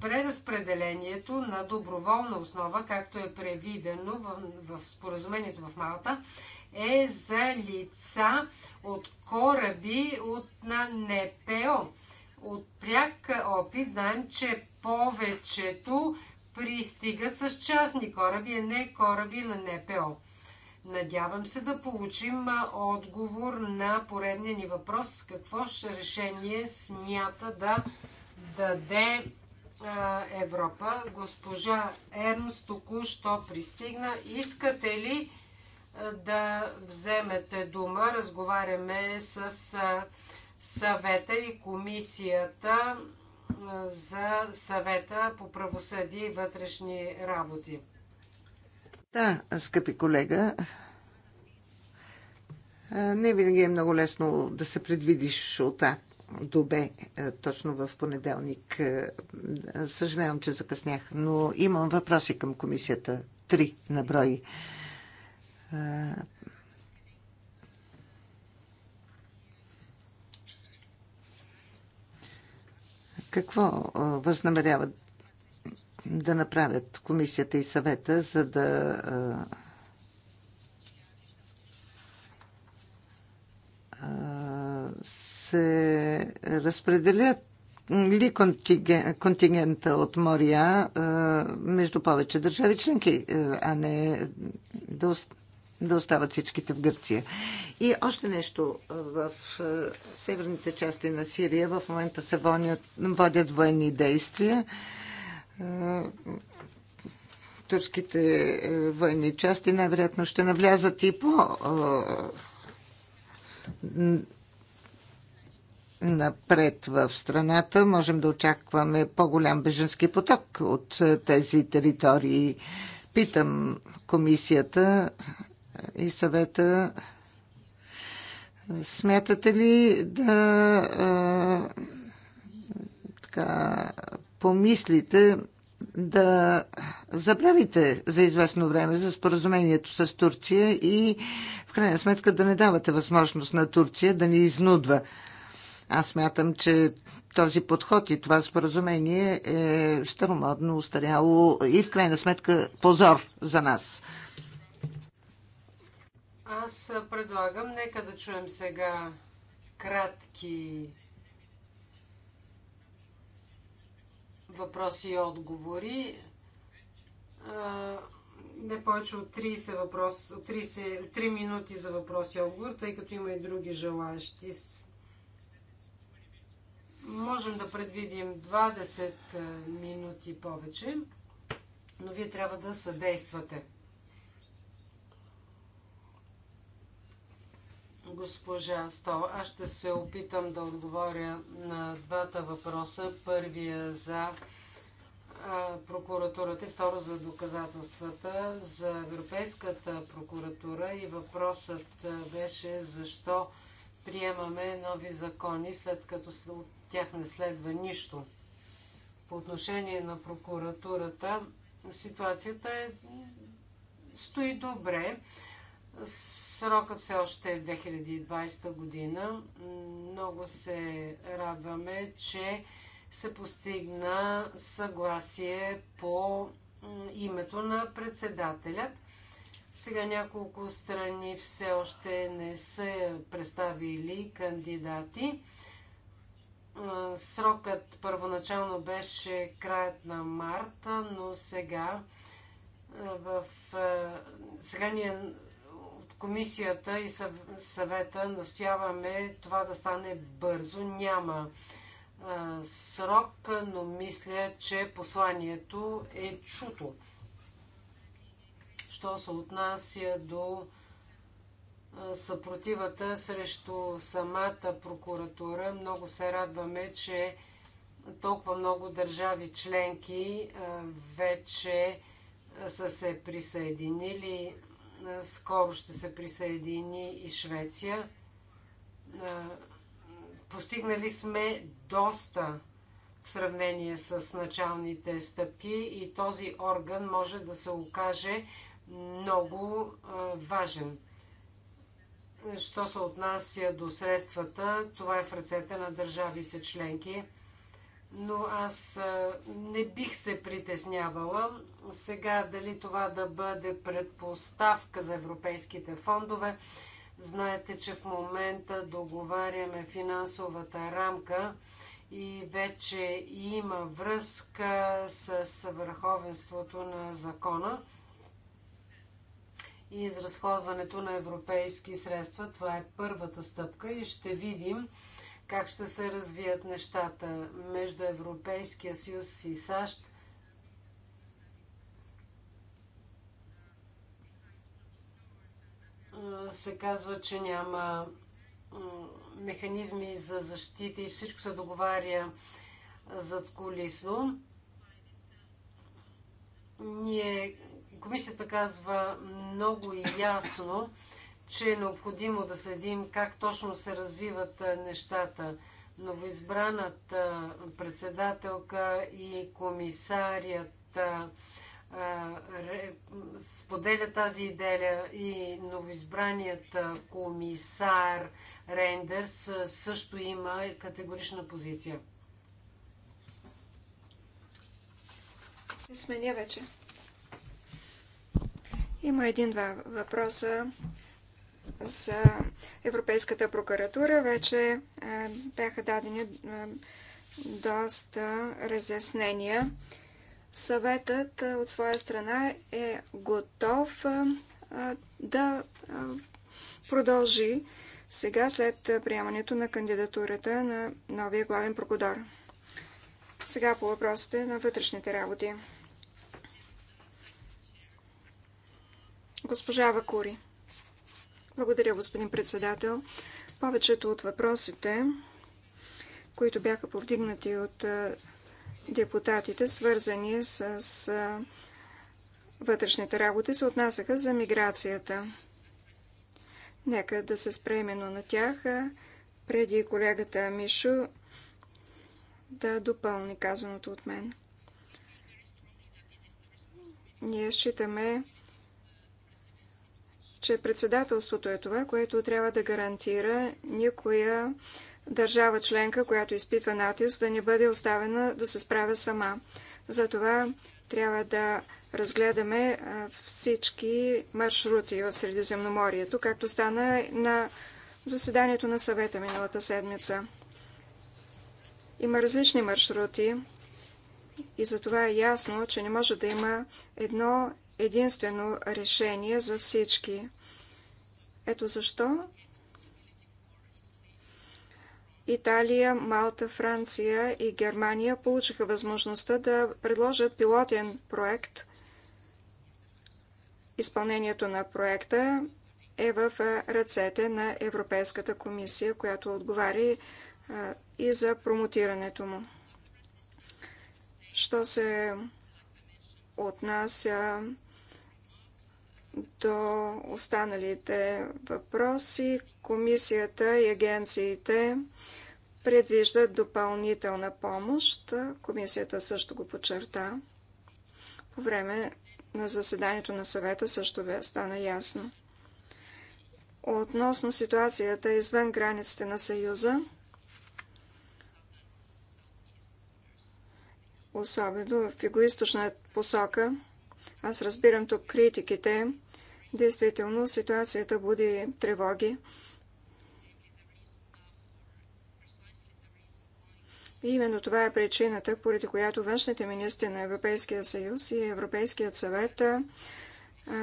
преразпределението на доброволна основа, както е превидено в, в споразумението в Малта, е за лица от кораби от, на НПО. От пряк опит знаем, че повечето пристигат с частни кораби, а не кораби на НПО. Надявам се да получим отговор на поредния ни въпрос. Какво решение смята да даде Европа? Госпожа Ернст току-що пристигна. Искате ли да вземете дума. Разговаряме с съвета и комисията за съвета по правосъди и вътрешни работи. Да, скъпи колега, не винаги е много лесно да се предвидиш от А до Б точно в понеделник. Съжалявам, че закъснях, но имам въпроси към комисията. Три на брои. Какво възнамеряват да направят комисията и съвета, за да се разпределят ли контингента от Мория между повече държави членки, а не да да остават всичките в Гърция. И още нещо. В северните части на Сирия в момента се водят, водят военни действия. Турските военни части най-вероятно ще навлязат и по напред в страната. Можем да очакваме по-голям беженски поток от тези територии. Питам комисията и съвета. Смятате ли да така, помислите да забравите за известно време за споразумението с Турция и в крайна сметка да не давате възможност на Турция да ни изнудва. Аз мятам, че този подход и това споразумение е старомодно, устаряло и в крайна сметка позор за нас. Аз предлагам, нека да чуем сега кратки въпроси и отговори. Не повече от 30, въпрос, 30, 3 минути за въпроси и отговор, тъй като има и други желаящи. Можем да предвидим 20 минути повече, но вие трябва да съдействате. госпожа Стол. Аз ще се опитам да отговоря на двата въпроса. Първия за прокуратурата и второ за доказателствата за Европейската прокуратура и въпросът беше защо приемаме нови закони, след като от тях не следва нищо. По отношение на прокуратурата, ситуацията е... стои добре. Срокът все още е 2020 година. Много се радваме, че се постигна съгласие по името на председателят. Сега няколко страни все още не са представили кандидати. Срокът първоначално беше краят на марта, но сега в... сега ние комисията и съвета настояваме това да стане бързо. Няма срок, но мисля, че посланието е чуто. Що се отнася до съпротивата срещу самата прокуратура. Много се радваме, че толкова много държави членки вече са се присъединили е, скоро ще се присъедини и Швеция. Е, постигнали сме доста в сравнение с началните стъпки и този орган може да се окаже много е, важен. Що се отнася до средствата, това е в ръцете на държавите членки но аз не бих се притеснявала сега дали това да бъде предпоставка за европейските фондове. Знаете, че в момента договаряме финансовата рамка и вече има връзка с върховенството на закона и изразходването на европейски средства. Това е първата стъпка и ще видим как ще се развият нещата между Европейския съюз и САЩ. Е, се казва, че няма механизми за защита и всичко се договаря зад колисно. Ние, комисията казва много ясно, че е необходимо да следим как точно се развиват нещата. Новоизбраната председателка и комисарият споделя тази идея и новоизбраният комисар Рендерс също има категорична позиция. Сменя вече. Има един-два въпроса за Европейската прокуратура вече е, бяха дадени е, доста разяснения. Съветът е, от своя страна е готов да продължи сега след приемането на кандидатурата на новия главен прокурор. Сега по въпросите на вътрешните работи. Госпожа Вакури. Благодаря, господин председател. Повечето от въпросите, които бяха повдигнати от депутатите, свързани с вътрешните работи, се отнасяха за миграцията. Нека да се спре на тях, преди колегата Мишо да допълни казаното от мен. Ние считаме, че председателството е това, което трябва да гарантира никоя държава членка, която изпитва натиск, да не бъде оставена да се справя сама. Затова трябва да разгледаме всички маршрути в Средиземноморието, както стана на заседанието на съвета миналата седмица. Има различни маршрути и затова е ясно, че не може да има едно единствено решение за всички. Ето защо Италия, Малта, Франция и Германия получиха възможността да предложат пилотен проект. Изпълнението на проекта е в ръцете на Европейската комисия, която отговаря и за промотирането му. Що се отнася до останалите въпроси. Комисията и агенциите предвиждат допълнителна помощ. Комисията също го подчерта. По време на заседанието на съвета също бе стана ясно. Относно ситуацията извън границите на Съюза, особено в югоисточна посока, аз разбирам тук критиките. Действително, ситуацията буди тревоги. И именно това е причината, поради която външните министри на Европейския съюз и Европейският съвет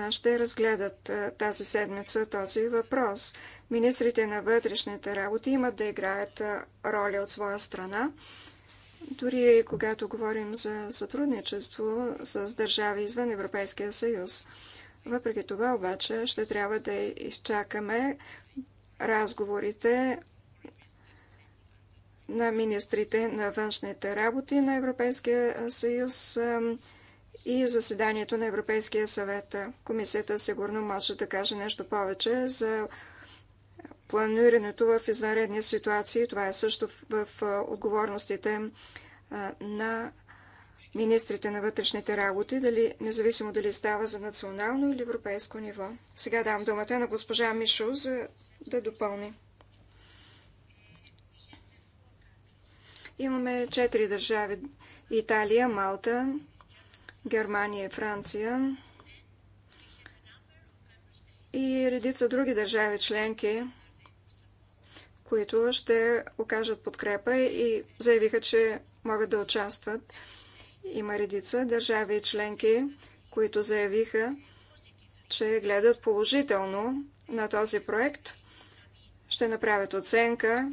ще разгледат тази седмица този въпрос. Министрите на вътрешните работи имат да играят роля от своя страна дори когато говорим за сътрудничество с държави извън Европейския съюз. Въпреки това обаче ще трябва да изчакаме разговорите на министрите на външните работи на Европейския съюз и заседанието на Европейския съвет. Комисията сигурно може да каже нещо повече за планирането в извънредни ситуации. Това е също в отговорностите на министрите на вътрешните работи, дали, независимо дали става за национално или европейско ниво. Сега дам думата на госпожа Мишо за да допълни. Имаме четири държави – Италия, Малта, Германия и Франция и редица други държави членки – които ще окажат подкрепа и заявиха, че могат да участват. Има редица държави и членки, които заявиха, че гледат положително на този проект, ще направят оценка,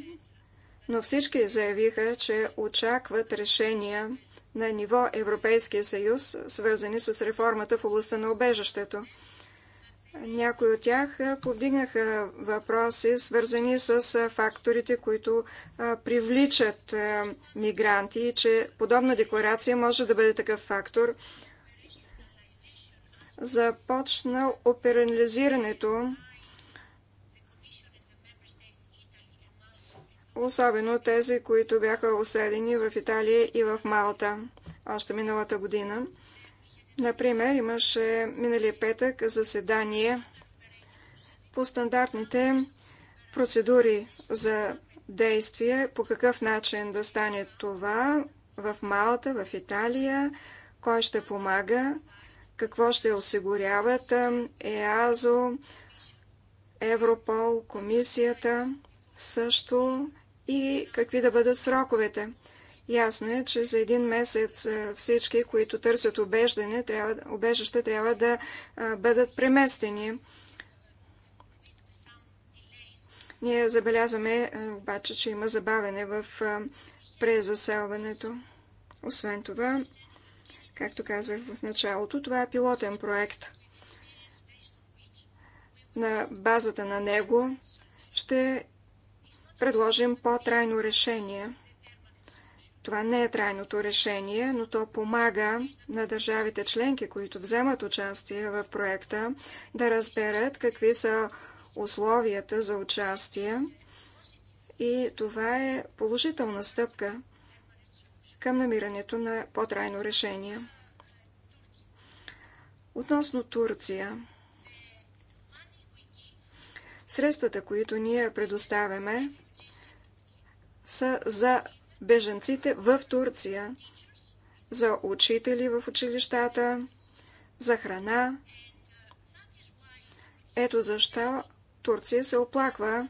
но всички заявиха, че очакват решения на ниво Европейския съюз, свързани с реформата в областта на обежището. Някои от тях повдигнаха въпроси, свързани с факторите, които привличат мигранти и че подобна декларация може да бъде такъв фактор. Започна оперализирането, особено тези, които бяха осъдени в Италия и в Малта още миналата година. Например, имаше миналия петък заседание по стандартните процедури за действие, по какъв начин да стане това в Малта, в Италия, кой ще помага, какво ще осигуряват ЕАЗО, Европол, комисията също и какви да бъдат сроковете. Ясно е, че за един месец е, всички, които търсят обеждане, трябва, обежище, трябва да е, бъдат преместени. Ние забелязваме е, обаче, че има забавене в презаселването. Освен това, както казах в началото, това е пилотен проект. На базата на него ще предложим по-трайно решение – това не е трайното решение, но то помага на държавите членки, които вземат участие в проекта, да разберат какви са условията за участие. И това е положителна стъпка към намирането на по-трайно решение. Относно Турция, средствата, които ние предоставяме, са за беженците в Турция, за учители в училищата, за храна. Ето защо Турция се оплаква,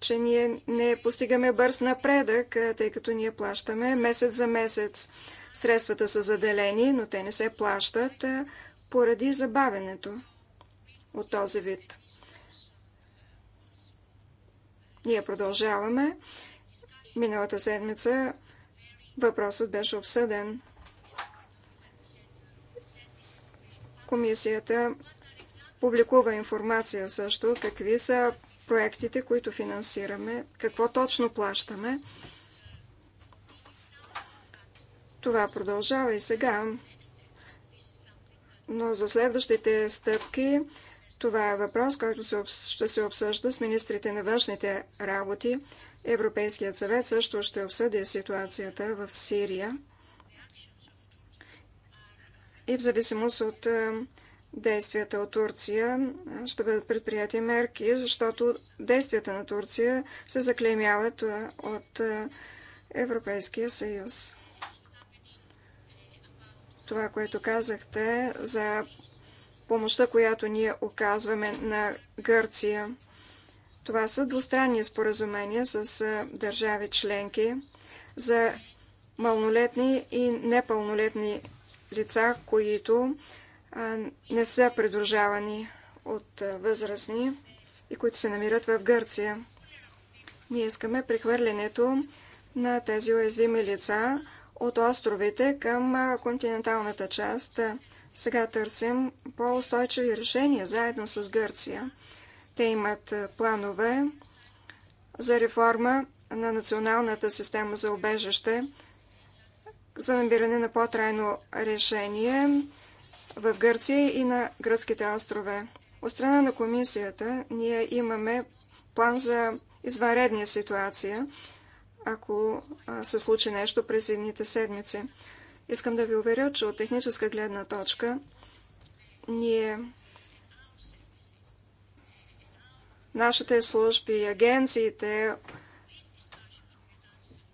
че ние не постигаме бърз напредък, тъй като ние плащаме месец за месец. Средствата са заделени, но те не се плащат поради забавенето от този вид. Ние продължаваме Миналата седмица въпросът беше обсъден. Комисията публикува информация също какви са проектите, които финансираме, какво точно плащаме. Това продължава и сега. Но за следващите стъпки това е въпрос, който ще се обсъжда с министрите на външните работи. Европейският съвет също ще обсъди ситуацията в Сирия и в зависимост от е, действията от Турция е, ще бъдат предприяти мерки, защото действията на Турция се заклеймяват е, от Европейския съюз. Това, което казахте за помощта, която ние оказваме на Гърция. Това са двустранни споразумения с държави членки за малнолетни и непълнолетни лица, които не са придружавани от възрастни и които се намират в Гърция. Ние искаме прехвърлянето на тези уязвими лица от островите към континенталната част. Сега търсим по-устойчиви решения заедно с Гърция те имат планове за реформа на националната система за обежище, за набиране на по-трайно решение в Гърция и на гръцките острове. От страна на комисията ние имаме план за извънредния ситуация, ако се случи нещо през едните седмици. Искам да ви уверя, че от техническа гледна точка ние нашите служби и агенциите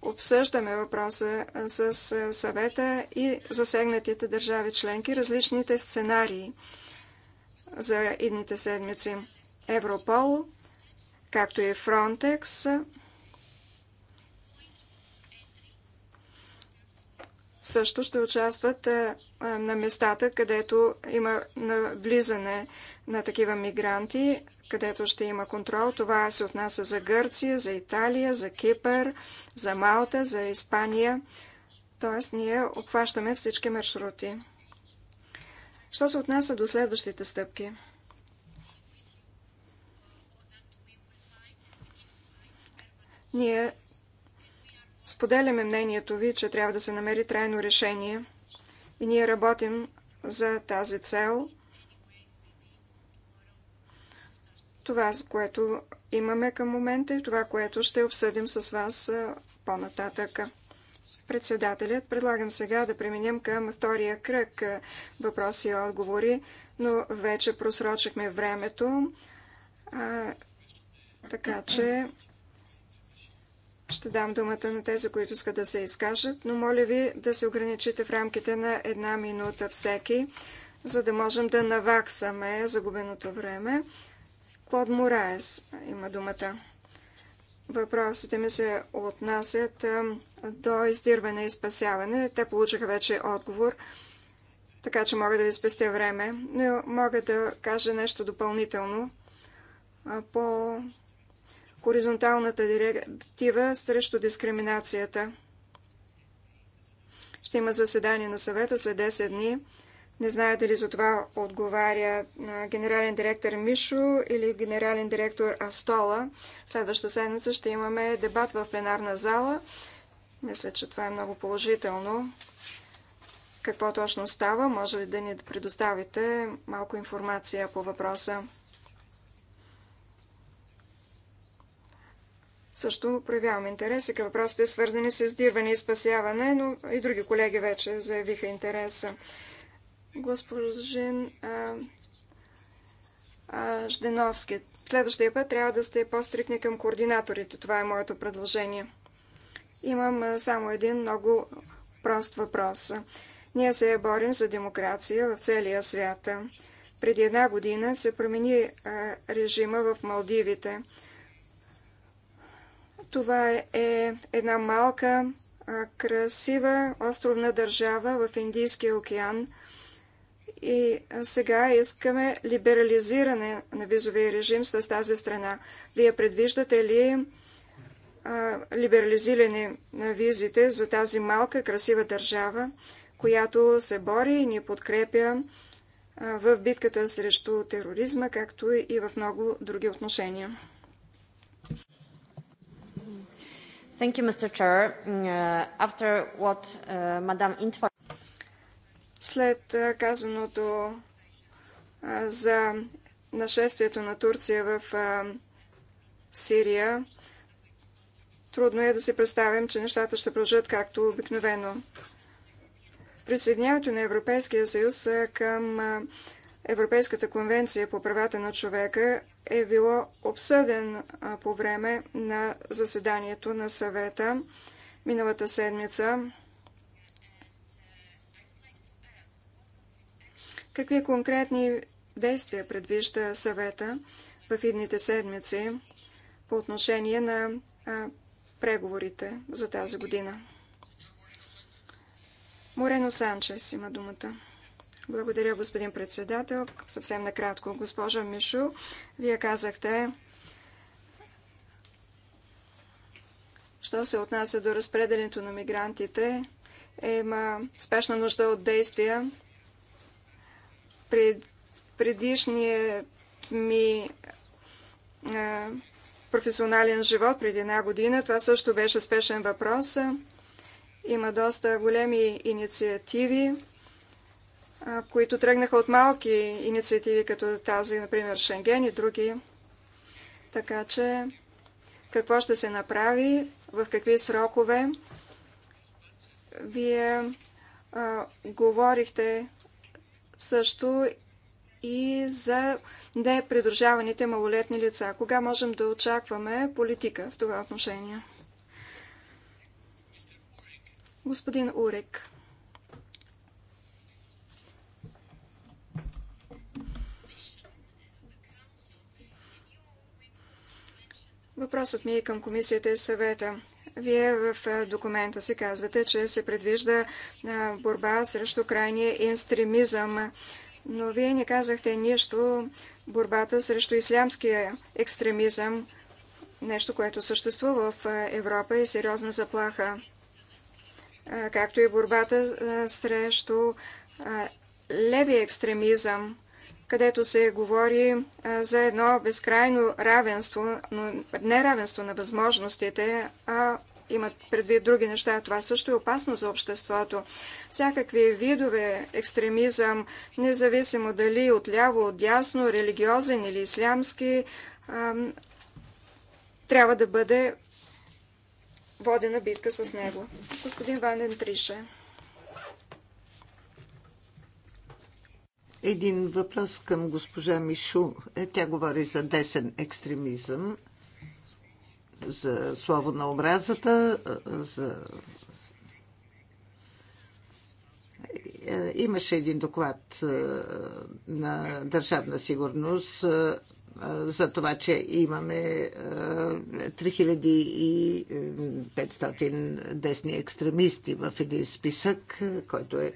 обсъждаме въпроса с е, съвета и засегнатите държави членки, различните сценарии за едните седмици. Европол, както и Фронтекс, също ще участват е, на местата, където има влизане на такива мигранти където ще има контрол. Това се отнася за Гърция, за Италия, за Кипър, за Малта, за Испания. Тоест, ние обхващаме всички маршрути. Що се отнася до следващите стъпки? Ние споделяме мнението ви, че трябва да се намери трайно решение и ние работим за тази цел – Това, с което имаме към момента и това, което ще обсъдим с вас по-нататък. Председателят, предлагам сега да преминем към втория кръг въпроси и отговори, но вече просрочихме времето, а, така че ще дам думата на тези, които искат да се изкажат, но моля ви да се ограничите в рамките на една минута всеки, за да можем да наваксаме загубеното време. Клод Мораес има думата. Въпросите ми се отнасят до издирване и спасяване. Те получиха вече отговор, така че мога да ви спестя време, но мога да кажа нещо допълнително по хоризонталната директива срещу дискриминацията. Ще има заседание на съвета след 10 дни не знае дали за това отговаря генерален директор Мишо или генерален директор Астола. Следващата седмица ще имаме дебат в пленарна зала. Мисля, че това е много положително. Какво точно става? Може ли да ни предоставите малко информация по въпроса? Също проявявам интерес и към въпросите свързани с издирване и спасяване, но и други колеги вече заявиха интереса. Госпожин а, а, Жденовски. Следващия път трябва да сте по-стрикни към координаторите. Това е моето предложение. Имам само един много прост въпрос. Ние се борим за демокрация в целия свят. Преди една година се промени режима в Малдивите. Това е една малка, красива островна държава в Индийския океан – и сега искаме либерализиране на визовия режим с тази страна. Вие предвиждате ли либерализиране на визите за тази малка, красива държава, която се бори и ни подкрепя в битката срещу тероризма, както и в много други отношения? Thank you, Mr. Chair. Uh, after what uh, Madame Intvar след казаното за нашествието на Турция в Сирия, трудно е да си представим, че нещата ще продължат както обикновено. Присъединяването на Европейския съюз към Европейската конвенция по правата на човека е било обсъден по време на заседанието на съвета миналата седмица. Какви конкретни действия предвижда съвета в идните седмици по отношение на преговорите за тази година? Морено Санчес има думата. Благодаря, господин председател. Съвсем накратко, госпожа Мишу, вие казахте, що се отнася до разпределението на мигрантите, има спешна нужда от действия пред, предишния ми а, професионален живот преди една година, това също беше спешен въпрос. Има доста големи инициативи, а, които тръгнаха от малки инициативи, като тази, например, Шенген и други. Така че какво ще се направи, в какви срокове. Вие а, говорихте също и за непридружаваните малолетни лица. Кога можем да очакваме политика в това отношение? Господин Урек. Въпросът ми е към комисията и съвета. Вие в документа си казвате, че се предвижда борба срещу крайния екстремизъм, но вие не казахте нищо борбата срещу ислямския екстремизъм, нещо, което съществува в Европа и сериозна заплаха, както и борбата срещу левия екстремизъм където се говори за едно безкрайно равенство, но не равенство на възможностите, а имат предвид други неща. Това също е опасно за обществото. Всякакви видове екстремизъм, независимо дали от ляво, от дясно, религиозен или ислямски, трябва да бъде водена битка с него. Господин Ванен Трише. един въпрос към госпожа Мишу. Е, тя говори за десен екстремизъм, за слово на образата, за е, имаше един доклад е, на Държавна сигурност за това, че имаме 3500 десни екстремисти в един списък, който е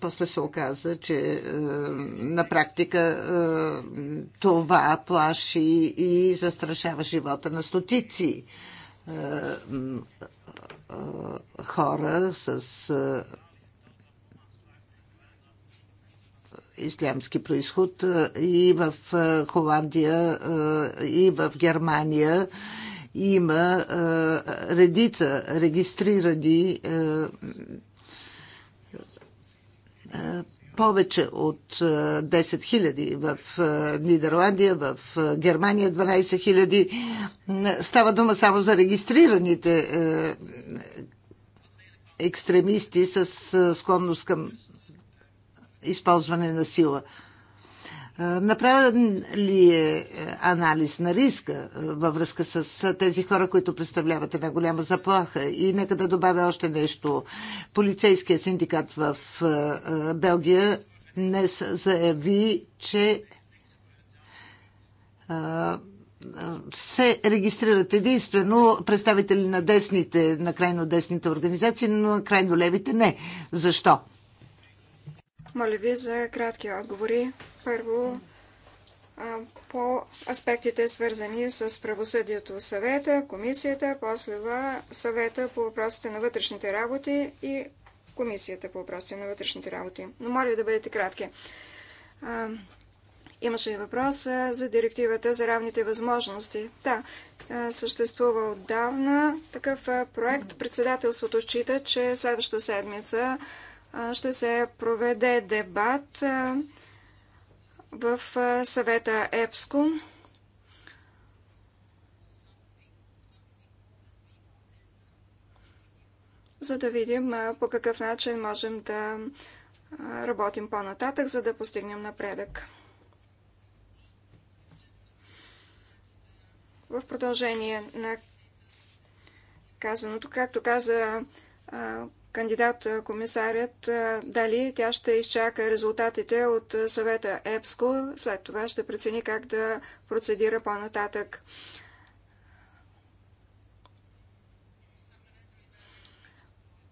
после се оказа, че е, на практика е, това плаши и застрашава живота на стотици е, хора с ислямски происход и в Холандия, и в Германия има редица регистрирани повече от 10 000 в Нидерландия, в Германия 12 000. Става дума само за регистрираните екстремисти с склонност към използване на сила. Направен ли е, е анализ на риска е, във връзка с е, тези хора, които представляват една голяма заплаха? И нека да добавя още нещо. Полицейският синдикат в Белгия днес заяви, че се регистрират единствено представители на десните, на крайно десните организации, но на крайно левите не. Защо? Моля ви за кратки отговори. Първо, по аспектите свързани с правосъдието съвета, комисията, после това съвета по въпросите на вътрешните работи и комисията по въпросите на вътрешните работи. Но моля да бъдете кратки. Имаше и въпрос за директивата за равните възможности. Да, съществува отдавна такъв проект. Председателството счита, че следващата седмица ще се проведе дебат в съвета ЕПСКО. за да видим по какъв начин можем да работим по-нататък, за да постигнем напредък. В продължение на казаното, както каза кандидат-комисарят дали тя ще изчака резултатите от съвета ЕПСКО, след това ще прецени как да процедира по-нататък.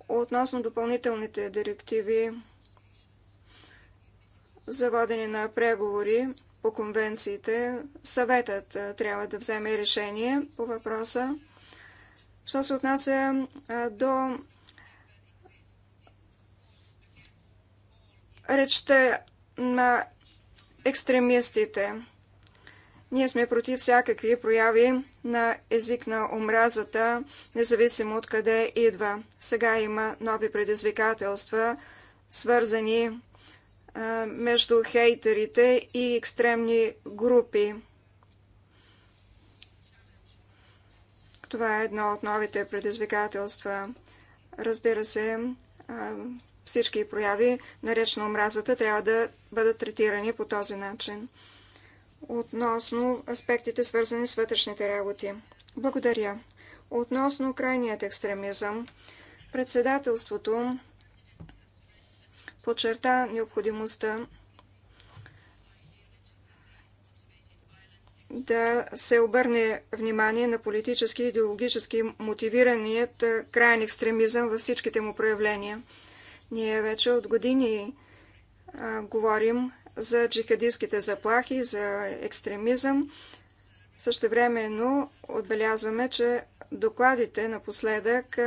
Относно допълнителните директиви за водене на преговори по конвенциите, съветът трябва да вземе решение по въпроса. Що се отнася до речта на екстремистите. Ние сме против всякакви прояви на език на омразата, независимо от къде идва. Сега има нови предизвикателства, свързани а, между хейтерите и екстремни групи. Това е едно от новите предизвикателства. Разбира се, а, всички прояви на реч на омразата трябва да бъдат третирани по този начин. Относно аспектите, свързани с вътрешните работи. Благодаря. Относно крайният екстремизъм, председателството подчерта необходимостта да се обърне внимание на политически и идеологически мотивираният крайен екстремизъм във всичките му проявления – ние вече от години а, говорим за джихадистските заплахи, за екстремизъм. Също времено отбелязваме, че докладите напоследък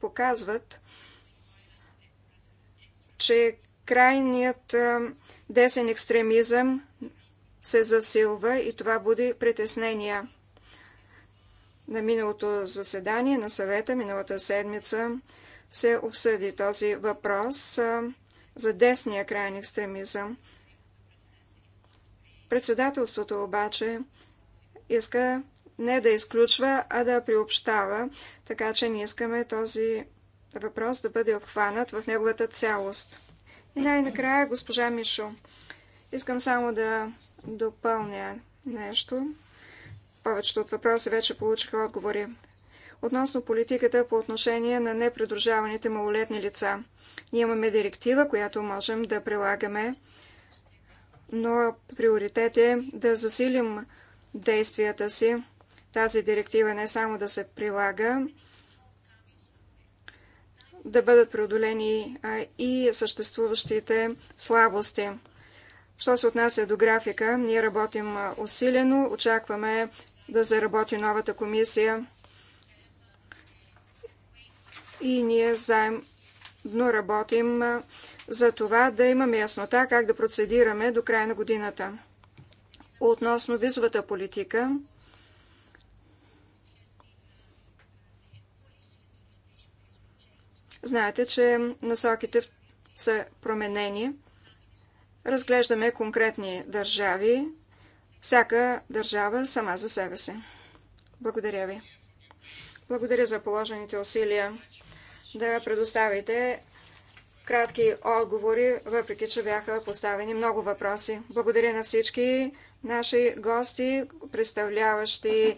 показват, че крайният десен екстремизъм се засилва и това буди притеснения. На миналото заседание на съвета, миналата седмица, се обсъди този въпрос за десния крайен екстремизъм. Председателството обаче иска не да изключва, а да приобщава, така че ние искаме този въпрос да бъде обхванат в неговата цялост. И най-накрая, госпожа Мишо, искам само да допълня нещо. Повечето от въпроси вече получиха отговори относно политиката по отношение на непридружаваните малолетни лица. Ние имаме директива, която можем да прилагаме, но приоритет е да засилим действията си. Тази директива не само да се прилага, да бъдат преодолени и съществуващите слабости. Що се отнася до графика, ние работим усилено, очакваме да заработи новата комисия и ние заедно работим за това да имаме яснота как да процедираме до края на годината. Относно визовата политика, знаете, че насоките са променени. Разглеждаме конкретни държави, всяка държава сама за себе си. Благодаря ви. Благодаря за положените усилия да предоставите кратки отговори, въпреки че бяха поставени много въпроси. Благодаря на всички наши гости, представляващи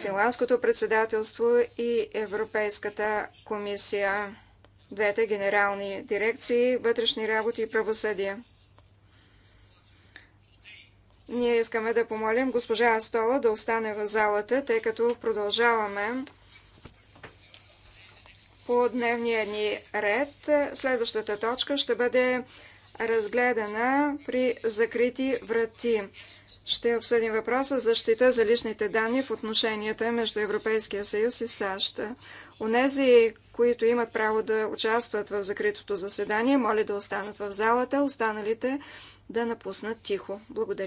Финландското председателство и Европейската комисия, двете генерални дирекции, вътрешни работи и правосъдие. Ние искаме да помолим госпожа Астола да остане в залата, тъй като продължаваме по дневния ни ред. Следващата точка ще бъде разгледана при закрити врати. Ще обсъдим въпроса за щита за личните данни в отношенията между Европейския съюз и САЩ. Онези, които имат право да участват в закритото заседание, моля да останат в залата, останалите да напуснат тихо. Благодаря.